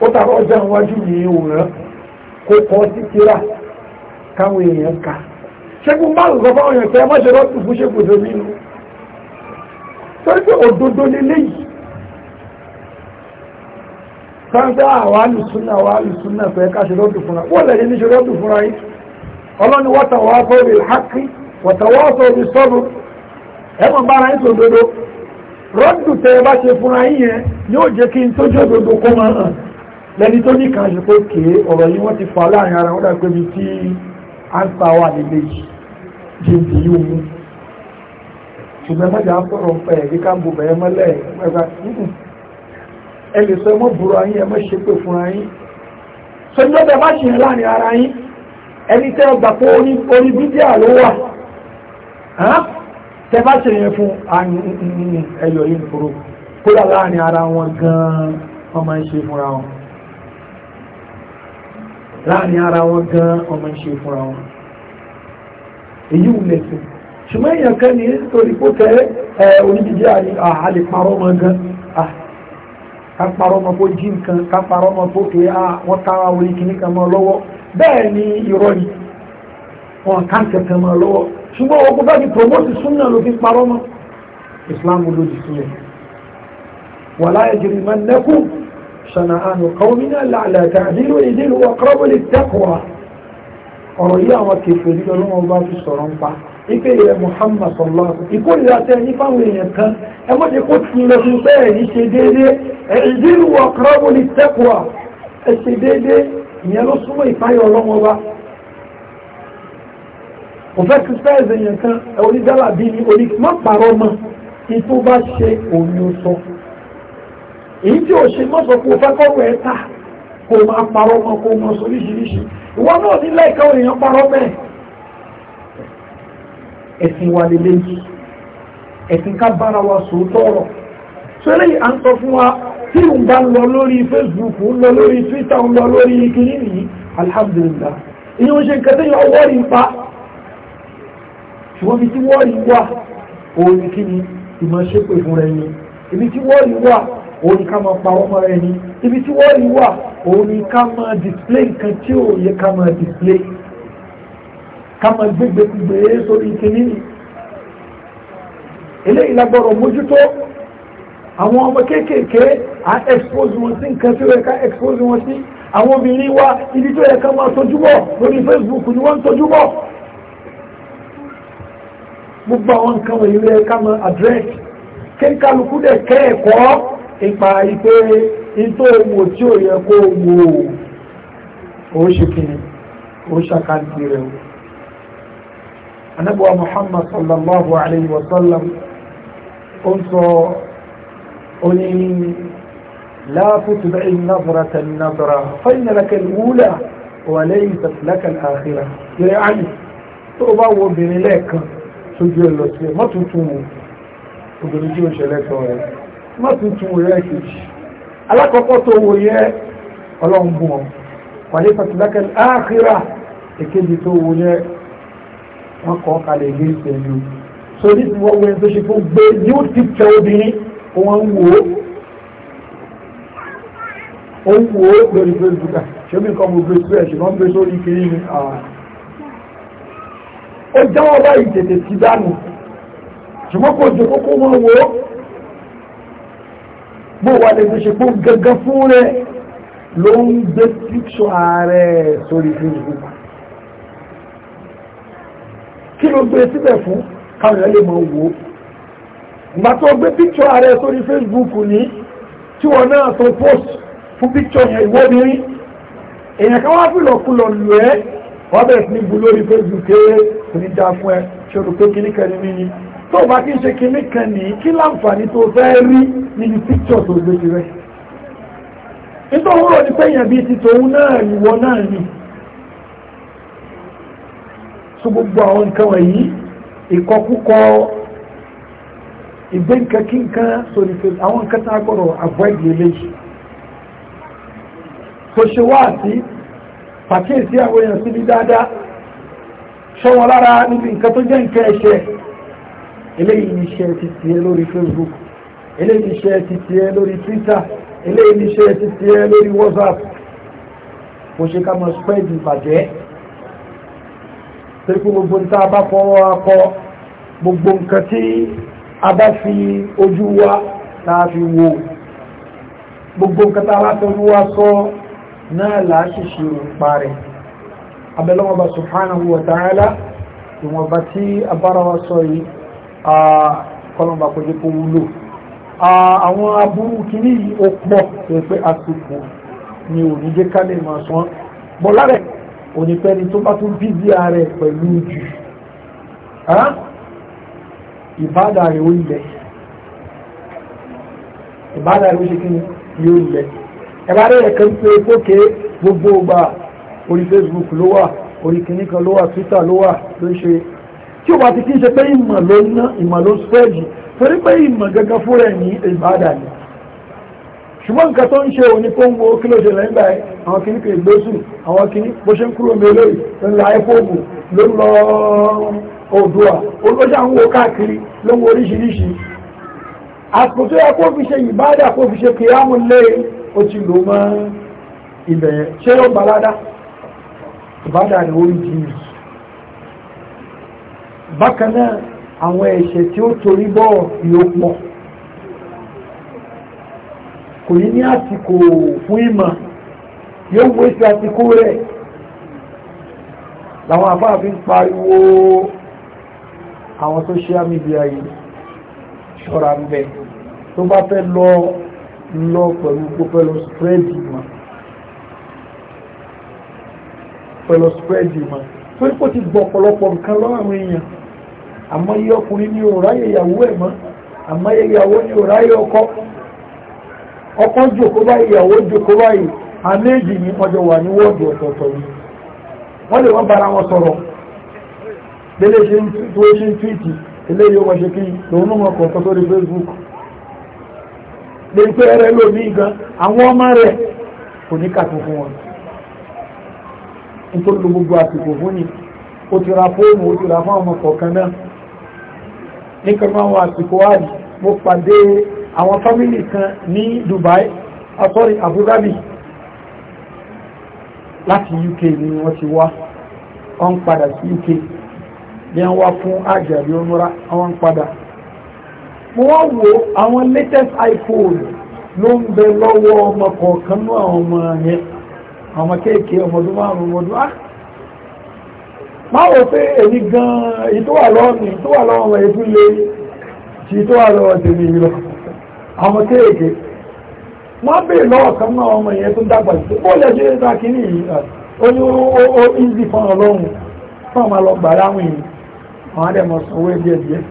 ó tàwọn ọjà níwájú ní òòrán kó kọ́ sí tíra káwọn èèyàn ká ṣẹ́gun bá lọ bá ọ̀yàn tẹ́ mọ́ṣẹ́ lọ́tù fún ṣẹ́gun tó nínú torí pé òdodo lélẹ́yìí sáńtẹ́ àwọn alùsúnnà àwọn alùsúnnà fẹ́ káṣẹ́ lọ́tù fúnra wọ́n lẹ́yìn níṣẹ́ lọ́tù fúnra yìí ọlọ́ni watawasaw bil haqqi watawasaw bis sabr ẹ̀mọ̀ bára ń sòdodo rọ́dù tẹ́ bá ṣe fúnra yíyẹn yóò jẹ́ kí n tó jẹ́ òdodo kó máa hàn lẹ́ni tó ní kan ṣe pé kéé ọ̀rọ̀ yìí wọ́n ti fà láàrin ara wọn dàgbé mi tí ẹni tẹ ọgbà pé orí bídíà ló wà Tẹ bá ṣe yẹn fún ẹyọ yìí nìkoro kódà láàrin ara wọn gan-an wọn máa ń ṣe fúnra wọn láàrin ara wọn gan wọ́n máa ń ṣe fúnra wọn èyí ò lẹ́sìn ṣùgbọ́n èèyàn kan ní torí a tẹ́ onídìí àlè parọ́ wọn kápárọ́ ọmọ tó jí nǹkan kápárọ́ ọmọ tó pé á ah, wọ́n tára orí kìíní kan mọ́ lọ́wọ́ bẹ́ẹ̀ ni irọ́ ni wọn kàn kẹ̀kẹ́ mọ́ lọ́wọ́ ṣùgbọ́n wọn kò bá di promote súnà ló fi parọ́ mọ́ Islam lòdì sílẹ̀ wàlá ẹ̀jẹ̀rì máa nẹ́kù ṣànà àánú kọ́mínà làlẹ̀ tàbílù ìdílù wà kọ́rọ́bù lè tẹ́kọ̀ọ́ ọ̀rọ̀ yìí àwọn kẹfẹ́ ipe rẹ̀ Muhammad sallallahu ìkórìíra tẹ ní fáwọn èèyàn kan ẹ mọ́ ṣe kó tún lọ sí bẹ́ẹ̀ ní ṣe déédé ẹ̀ẹ́dínú ọ̀kọ́rọ́bù ní tẹ́kùwà ẹ ṣe déédé ìyẹn ló súnmọ́ ìfáyọ̀ ọlọ́mọ wa kò fẹ́ ti fẹ́ ẹ̀sẹ̀ èèyàn kan ẹ onídàlà bíi ní orí má pàrọ̀ mọ́ kí bá ṣe òun ló sọ èyí tí ò ṣe mọ́sọ̀ kó fẹ́ kọ́rọ̀ ẹ̀ ta kó máa pàrọ̀ mọ́ kó mọ́ ẹ̀sìn wa lè léyìí ẹ̀sìn ká bára wa sòótọ́ ọ̀rọ̀ sẹ́lẹ̀ à ń sọ fún wa tí n bá ń lọ lórí facebook ń lọ lórí twitter ń lọ lórí kiri nìyí alhamdulillah ìyẹn ṣe nǹkan tẹ́yìn ọwọ́ rí pa ṣùgbọ́n ibi tí wọ́n wà òun ni kí ni ìmọ̀ ṣe pè fún rẹ yẹn ibi tí wọ́n wà òun ni ká máa pa ọmọ rẹ ni ibi tí wọ́n wà òun ni ká máa display nǹkan tí ò yẹ ká máa display kama gbégbé gbé sórí kìíní ni eléyìí lágbọ́rọ̀ mójútó àwọn ọmọ kéékèèké à expose wọn sí nǹkan tí ó yẹ ká expose wọn sí àwọn obìnrin wa ibi tó yẹ ká máa tọ́jú bọ̀ lórí Facebook ni wọ́n ń tọ́jú bọ̀ gbogbo àwọn nǹkan wọ̀nyí yẹ ká máa address kéńkálukú dẹ̀ kẹ́ẹ̀kọ́ ipa ìpè ìtò owó tí ó yẹ kó wò ó ṣe kìíní ó ṣàkàdì rẹ̀ wò anábọ̀wá muhammad sallallahu alayhi wa sallam ó ń sọ ó ní láàfútù bẹ́ẹ̀ ní nàbọ̀rà tẹ̀ ní nàbọ̀rà fẹ́yìn nàlàkẹ́ wúlà wà lẹ́yìn tẹ̀sílákẹ́ àkhírà ìrẹ́ àyè tó o bá wo obìnrin lẹ́ẹ̀kan sójú ẹ lọ sí ẹ obìnrin tí ó ṣẹlẹ̀ sọ rẹ má rẹ kejì alákọ̀ọ́kọ́ tó wò yẹ ọlọ́run bù wọn wà lẹ́yìn tẹ̀sílákẹ́ àkhírà èkejì tó wò yẹ wọ́n kọ́ kalẹ̀ against ẹ̀ ni o so this is what wẹ́n tó ṣe fún gbé new picture obìnrin wọ́n ń wò ó ń wò ó lórí Facebook ṣé mi kọ́ mo gbé sí ẹ̀ ṣùgbọ́n gbé sórí kiri ni ah. ó jáwọ́ báyìí tètè ti dànù ṣùgbọ́n kò jẹ́ kókó wọn wò ó bó wà lè ṣe fún gẹ́gẹ́ fún rẹ̀ ló ń gbé picture ààrẹ sórí Facebook ló gbé síbẹ̀ fún káwọn èèyàn lè mọ wò ó ìgbà tó gbé píkṣọ ààrẹ sórí Facebook ní tí wọn náà tó post fún píkṣọ yẹn ìwọ ni rí èèyàn kan wá fìlọ̀ kulọ̀ lù ẹ́ wọ́n bẹ̀rẹ̀ sí ní bu lórí Facebook ké kò ní dáa fún ẹ ṣòro pé kíní kan ní mí ni tó o bá kí n ṣe kíní kan ní kí láǹfààní tó fẹ́ rí nínú píkṣọ tó gbé sí rẹ̀ nítorí wọn rò ní pé èèyàn bíi ti tòun náà ìwọ náà ni so gbogbo àwọn nǹkan wọ̀nyí ìkọkúkọ ìgbé nǹkan kí nǹkan sórí fèrè àwọn nǹkan tá a gbọ́dọ̀ avoid eléyìí tó ṣe wá àti pàkíyèsí àwọn èèyàn síbi dáadáa ṣọ́ wọn lára níbi nǹkan tó jẹ́ nǹkan ẹ̀ṣẹ̀ eléyìí ní ṣe ti tiẹ̀ lórí facebook eléyìí ní ṣe ti tiẹ̀ lórí twitter eléyìí ní ṣe ti tiẹ̀ lórí whatsapp mo ṣe ká mọ spread ìbàjẹ́ torí pé gbogbo nǹkan a bá fọwọ́ akọ gbogbo nǹkan tí a bá fi ojú wa tá a fi wò gbogbo nǹkan tá a bá wa sọ náà là á ṣèṣe òǹpa rẹ̀ abẹ́lọ́mọba subhanahu wa ta'ala ìwọ̀nba tí a bára wa sọ yìí kọlọ̀mbà kò jẹ́ kó wúlò àwọn aburú kìíní yìí ó pọ̀ pé àsìkò ni ò ní jẹ́ ká lè onípẹ́ni tó bá tún bíbí ààrẹ pẹ̀lú jù ìbádà rẹ̀ ó ilẹ̀ ìbádà rẹ̀ ó ṣe kí ni ó ilẹ̀ ẹ̀bá rẹ̀ ẹ̀kan pé pókè gbogbo ọgbà orí Facebook ló wà orí kìíní kan ló wà Twitter ló wà ló ṣe tí ó bá ti kí ń ṣe pé ìmọ̀ ló ná ìmọ̀ ló spread torí pé ìmọ̀ gẹ́gẹ́ fúnra ní ìbádà ni ṣùgbọ́n nǹkan tó ń ṣe òní kó ń wo kí ló ṣe lẹ́yìn báyìí àwọn kìíní kan ìgbésùn àwọn kìíní bó ṣe ń kúrò mélòó ńlá ẹ́fọ́ọ̀bù ló ń lọ oòdùà olóṣà ń wo káàkiri ló ń wo oríṣiríṣi àpò tó yẹ kó fi ṣe ìbádà kó fi ṣe kìyàmù lé o ti lò mọ́ ibẹ̀ yẹn ṣé ó balada ìbádà ni orí jìnnà bákan náà àwọn ẹ̀ṣẹ̀ tí ó torí bọ́ ìyópọ̀ kò ní ní àsìkò fún ìmọ̀ yóò wé sí àtikú rẹ̀ làwọn àfáàfi ń pariwo àwọn social media yìí ṣọ́ra ń bẹ tó bá fẹ́ lọ lọ pẹ̀lú pẹ̀lú spread ìmọ̀ pẹ̀lú spread ìmọ̀ torí kò ti gbọ́ ọ̀pọ̀lọpọ̀ nǹkan lọ́wọ́ èèyàn àmọ́ iye ọkùnrin ni ò ráyè ìyàwó ẹ̀ mọ́ àmọ́ iye ìyàwó ni ò ráyè ọkọ ọkọ jòkó báyìí ìyàwó jòkó báyìí àméjì ní ọjọ́ wà ní wọ́ọ̀dù ọ̀tọ̀ọ̀tọ̀ yìí wọ́n lè wọ́n bára wọn sọ̀rọ̀ lélé ṣe ń tó ṣe ń túìtì ilé yóò wọ́n kí lòun náà kọ̀ tó sórí Facebook lè pé ẹrẹ lómi gan àwọn ọmọ rẹ̀ kò ní kàtó fún wọn nítorí lo gbogbo àsìkò fún ni ó ti ra fóònù ó ti ra fún ọmọ kọ̀ọ̀kan náà nítorí àwọn àsìkò ààrì mo pàdé àwọn fámìlì kan ní Dubai ah, sorry, Abu Dhabi láti UK ni wọ́n ti wá wọ́n padà sí UK bí wọ́n wá fún àjàrí omúra wọ́n padà mo wá wo àwọn latest iPhone ló ń bẹ lọ́wọ́ ọmọ kọ̀ọ̀kan ní àwọn ọmọ yẹn ọmọ kéèké ọmọdún márùn ọmọdún á ah! máa wò pé èyí gan-an èyí tó wà lọ́wọ́ mi tó wà lọ́wọ́ ọmọ èyí tún lé ti tó wà lọ́wọ́ tèmi lọ àwọn kéèké máa bèèrè lọ́wọ́ kan náà ọmọ ìyẹn tó dàgbà sí ó lẹ́jọ́ ìta kìíní yìí ó ní ó ìzì fún ọlọ́run fún ọmọ lọ gbà láwọn èèyàn àwọn adẹ́mọ̀ sanwó díẹ̀ díẹ̀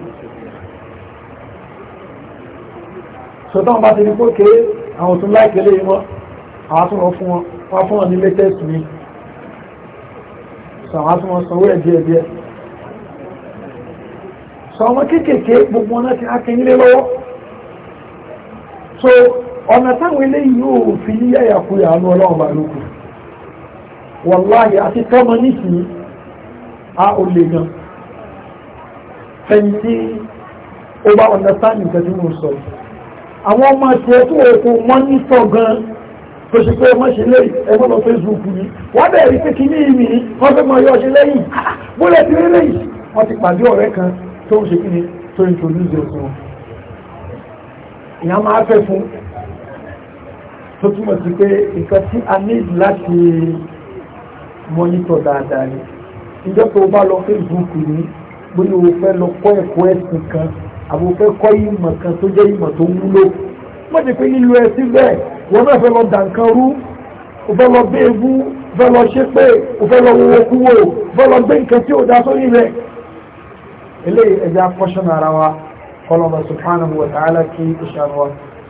sọ́tọ́ bá ti ní kó kéré àwọn tún láìkélé mọ́ àwọn tún lọ fún wọn wọ́n fún wọn ní latest mi sọ àwọn tún wọn sanwó díẹ̀ díẹ̀ sọ ọmọ kéékèèké gbogbo wọn ọ̀nà táwọn eléyìí yóò fi yíyàyà fún ìyàánú ọlọ́run bá lókù wàláyé àti tọ́mọ nísìnyí a ò lè gan fẹ̀yìntì ó bá understand nǹkan tí mo sọ àwọn ọmọ tiẹ̀ tó o kò mọ́ nítọ̀ gan-an tó ṣe pé ọmọ ṣe lẹ́yìn ẹgbẹ́ lọ Facebook ni wọ́n bẹ̀rẹ̀ pé kí ní ìmì wọ́n fẹ́ mọ ọyọ́ ṣe lẹ́yìn ah, bólẹ̀ tí ó lẹ́yìn wọ́n ti pàdé ọ̀rẹ́ kan tó ń ṣe kí ni tó introduce ẹ̀ fún wọn ìyá máa fẹ́ fún tó túmọ̀ sí pé nǹkan tí a ní láti mọ́nítọ̀ dáadáa ni ìjọ tó bá lọ Facebook ní bóyá o fẹ́ lọ kọ́ ẹ̀kọ́ ẹ̀sìn kan àbò fẹ́ kọ́ ìmọ̀ kan tó jẹ́ ìmọ̀ tó wúlò wọ́n ti pé nílò ẹ síbẹ̀ wọ́n náà fẹ́ lọ dà rú o fẹ́ lọ béèbú o fẹ́ lọ ṣépè o fẹ́ lọ wọ́wọ́ kú wò o fẹ́ lọ gbé nǹkan tí ò dá sórí rẹ̀ eléyìí ẹ̀jẹ̀ akọ́ṣọ́nà ara wa kọlọ́mọ subhanahu wa ta'ala kí ìṣàrọ̀ wa.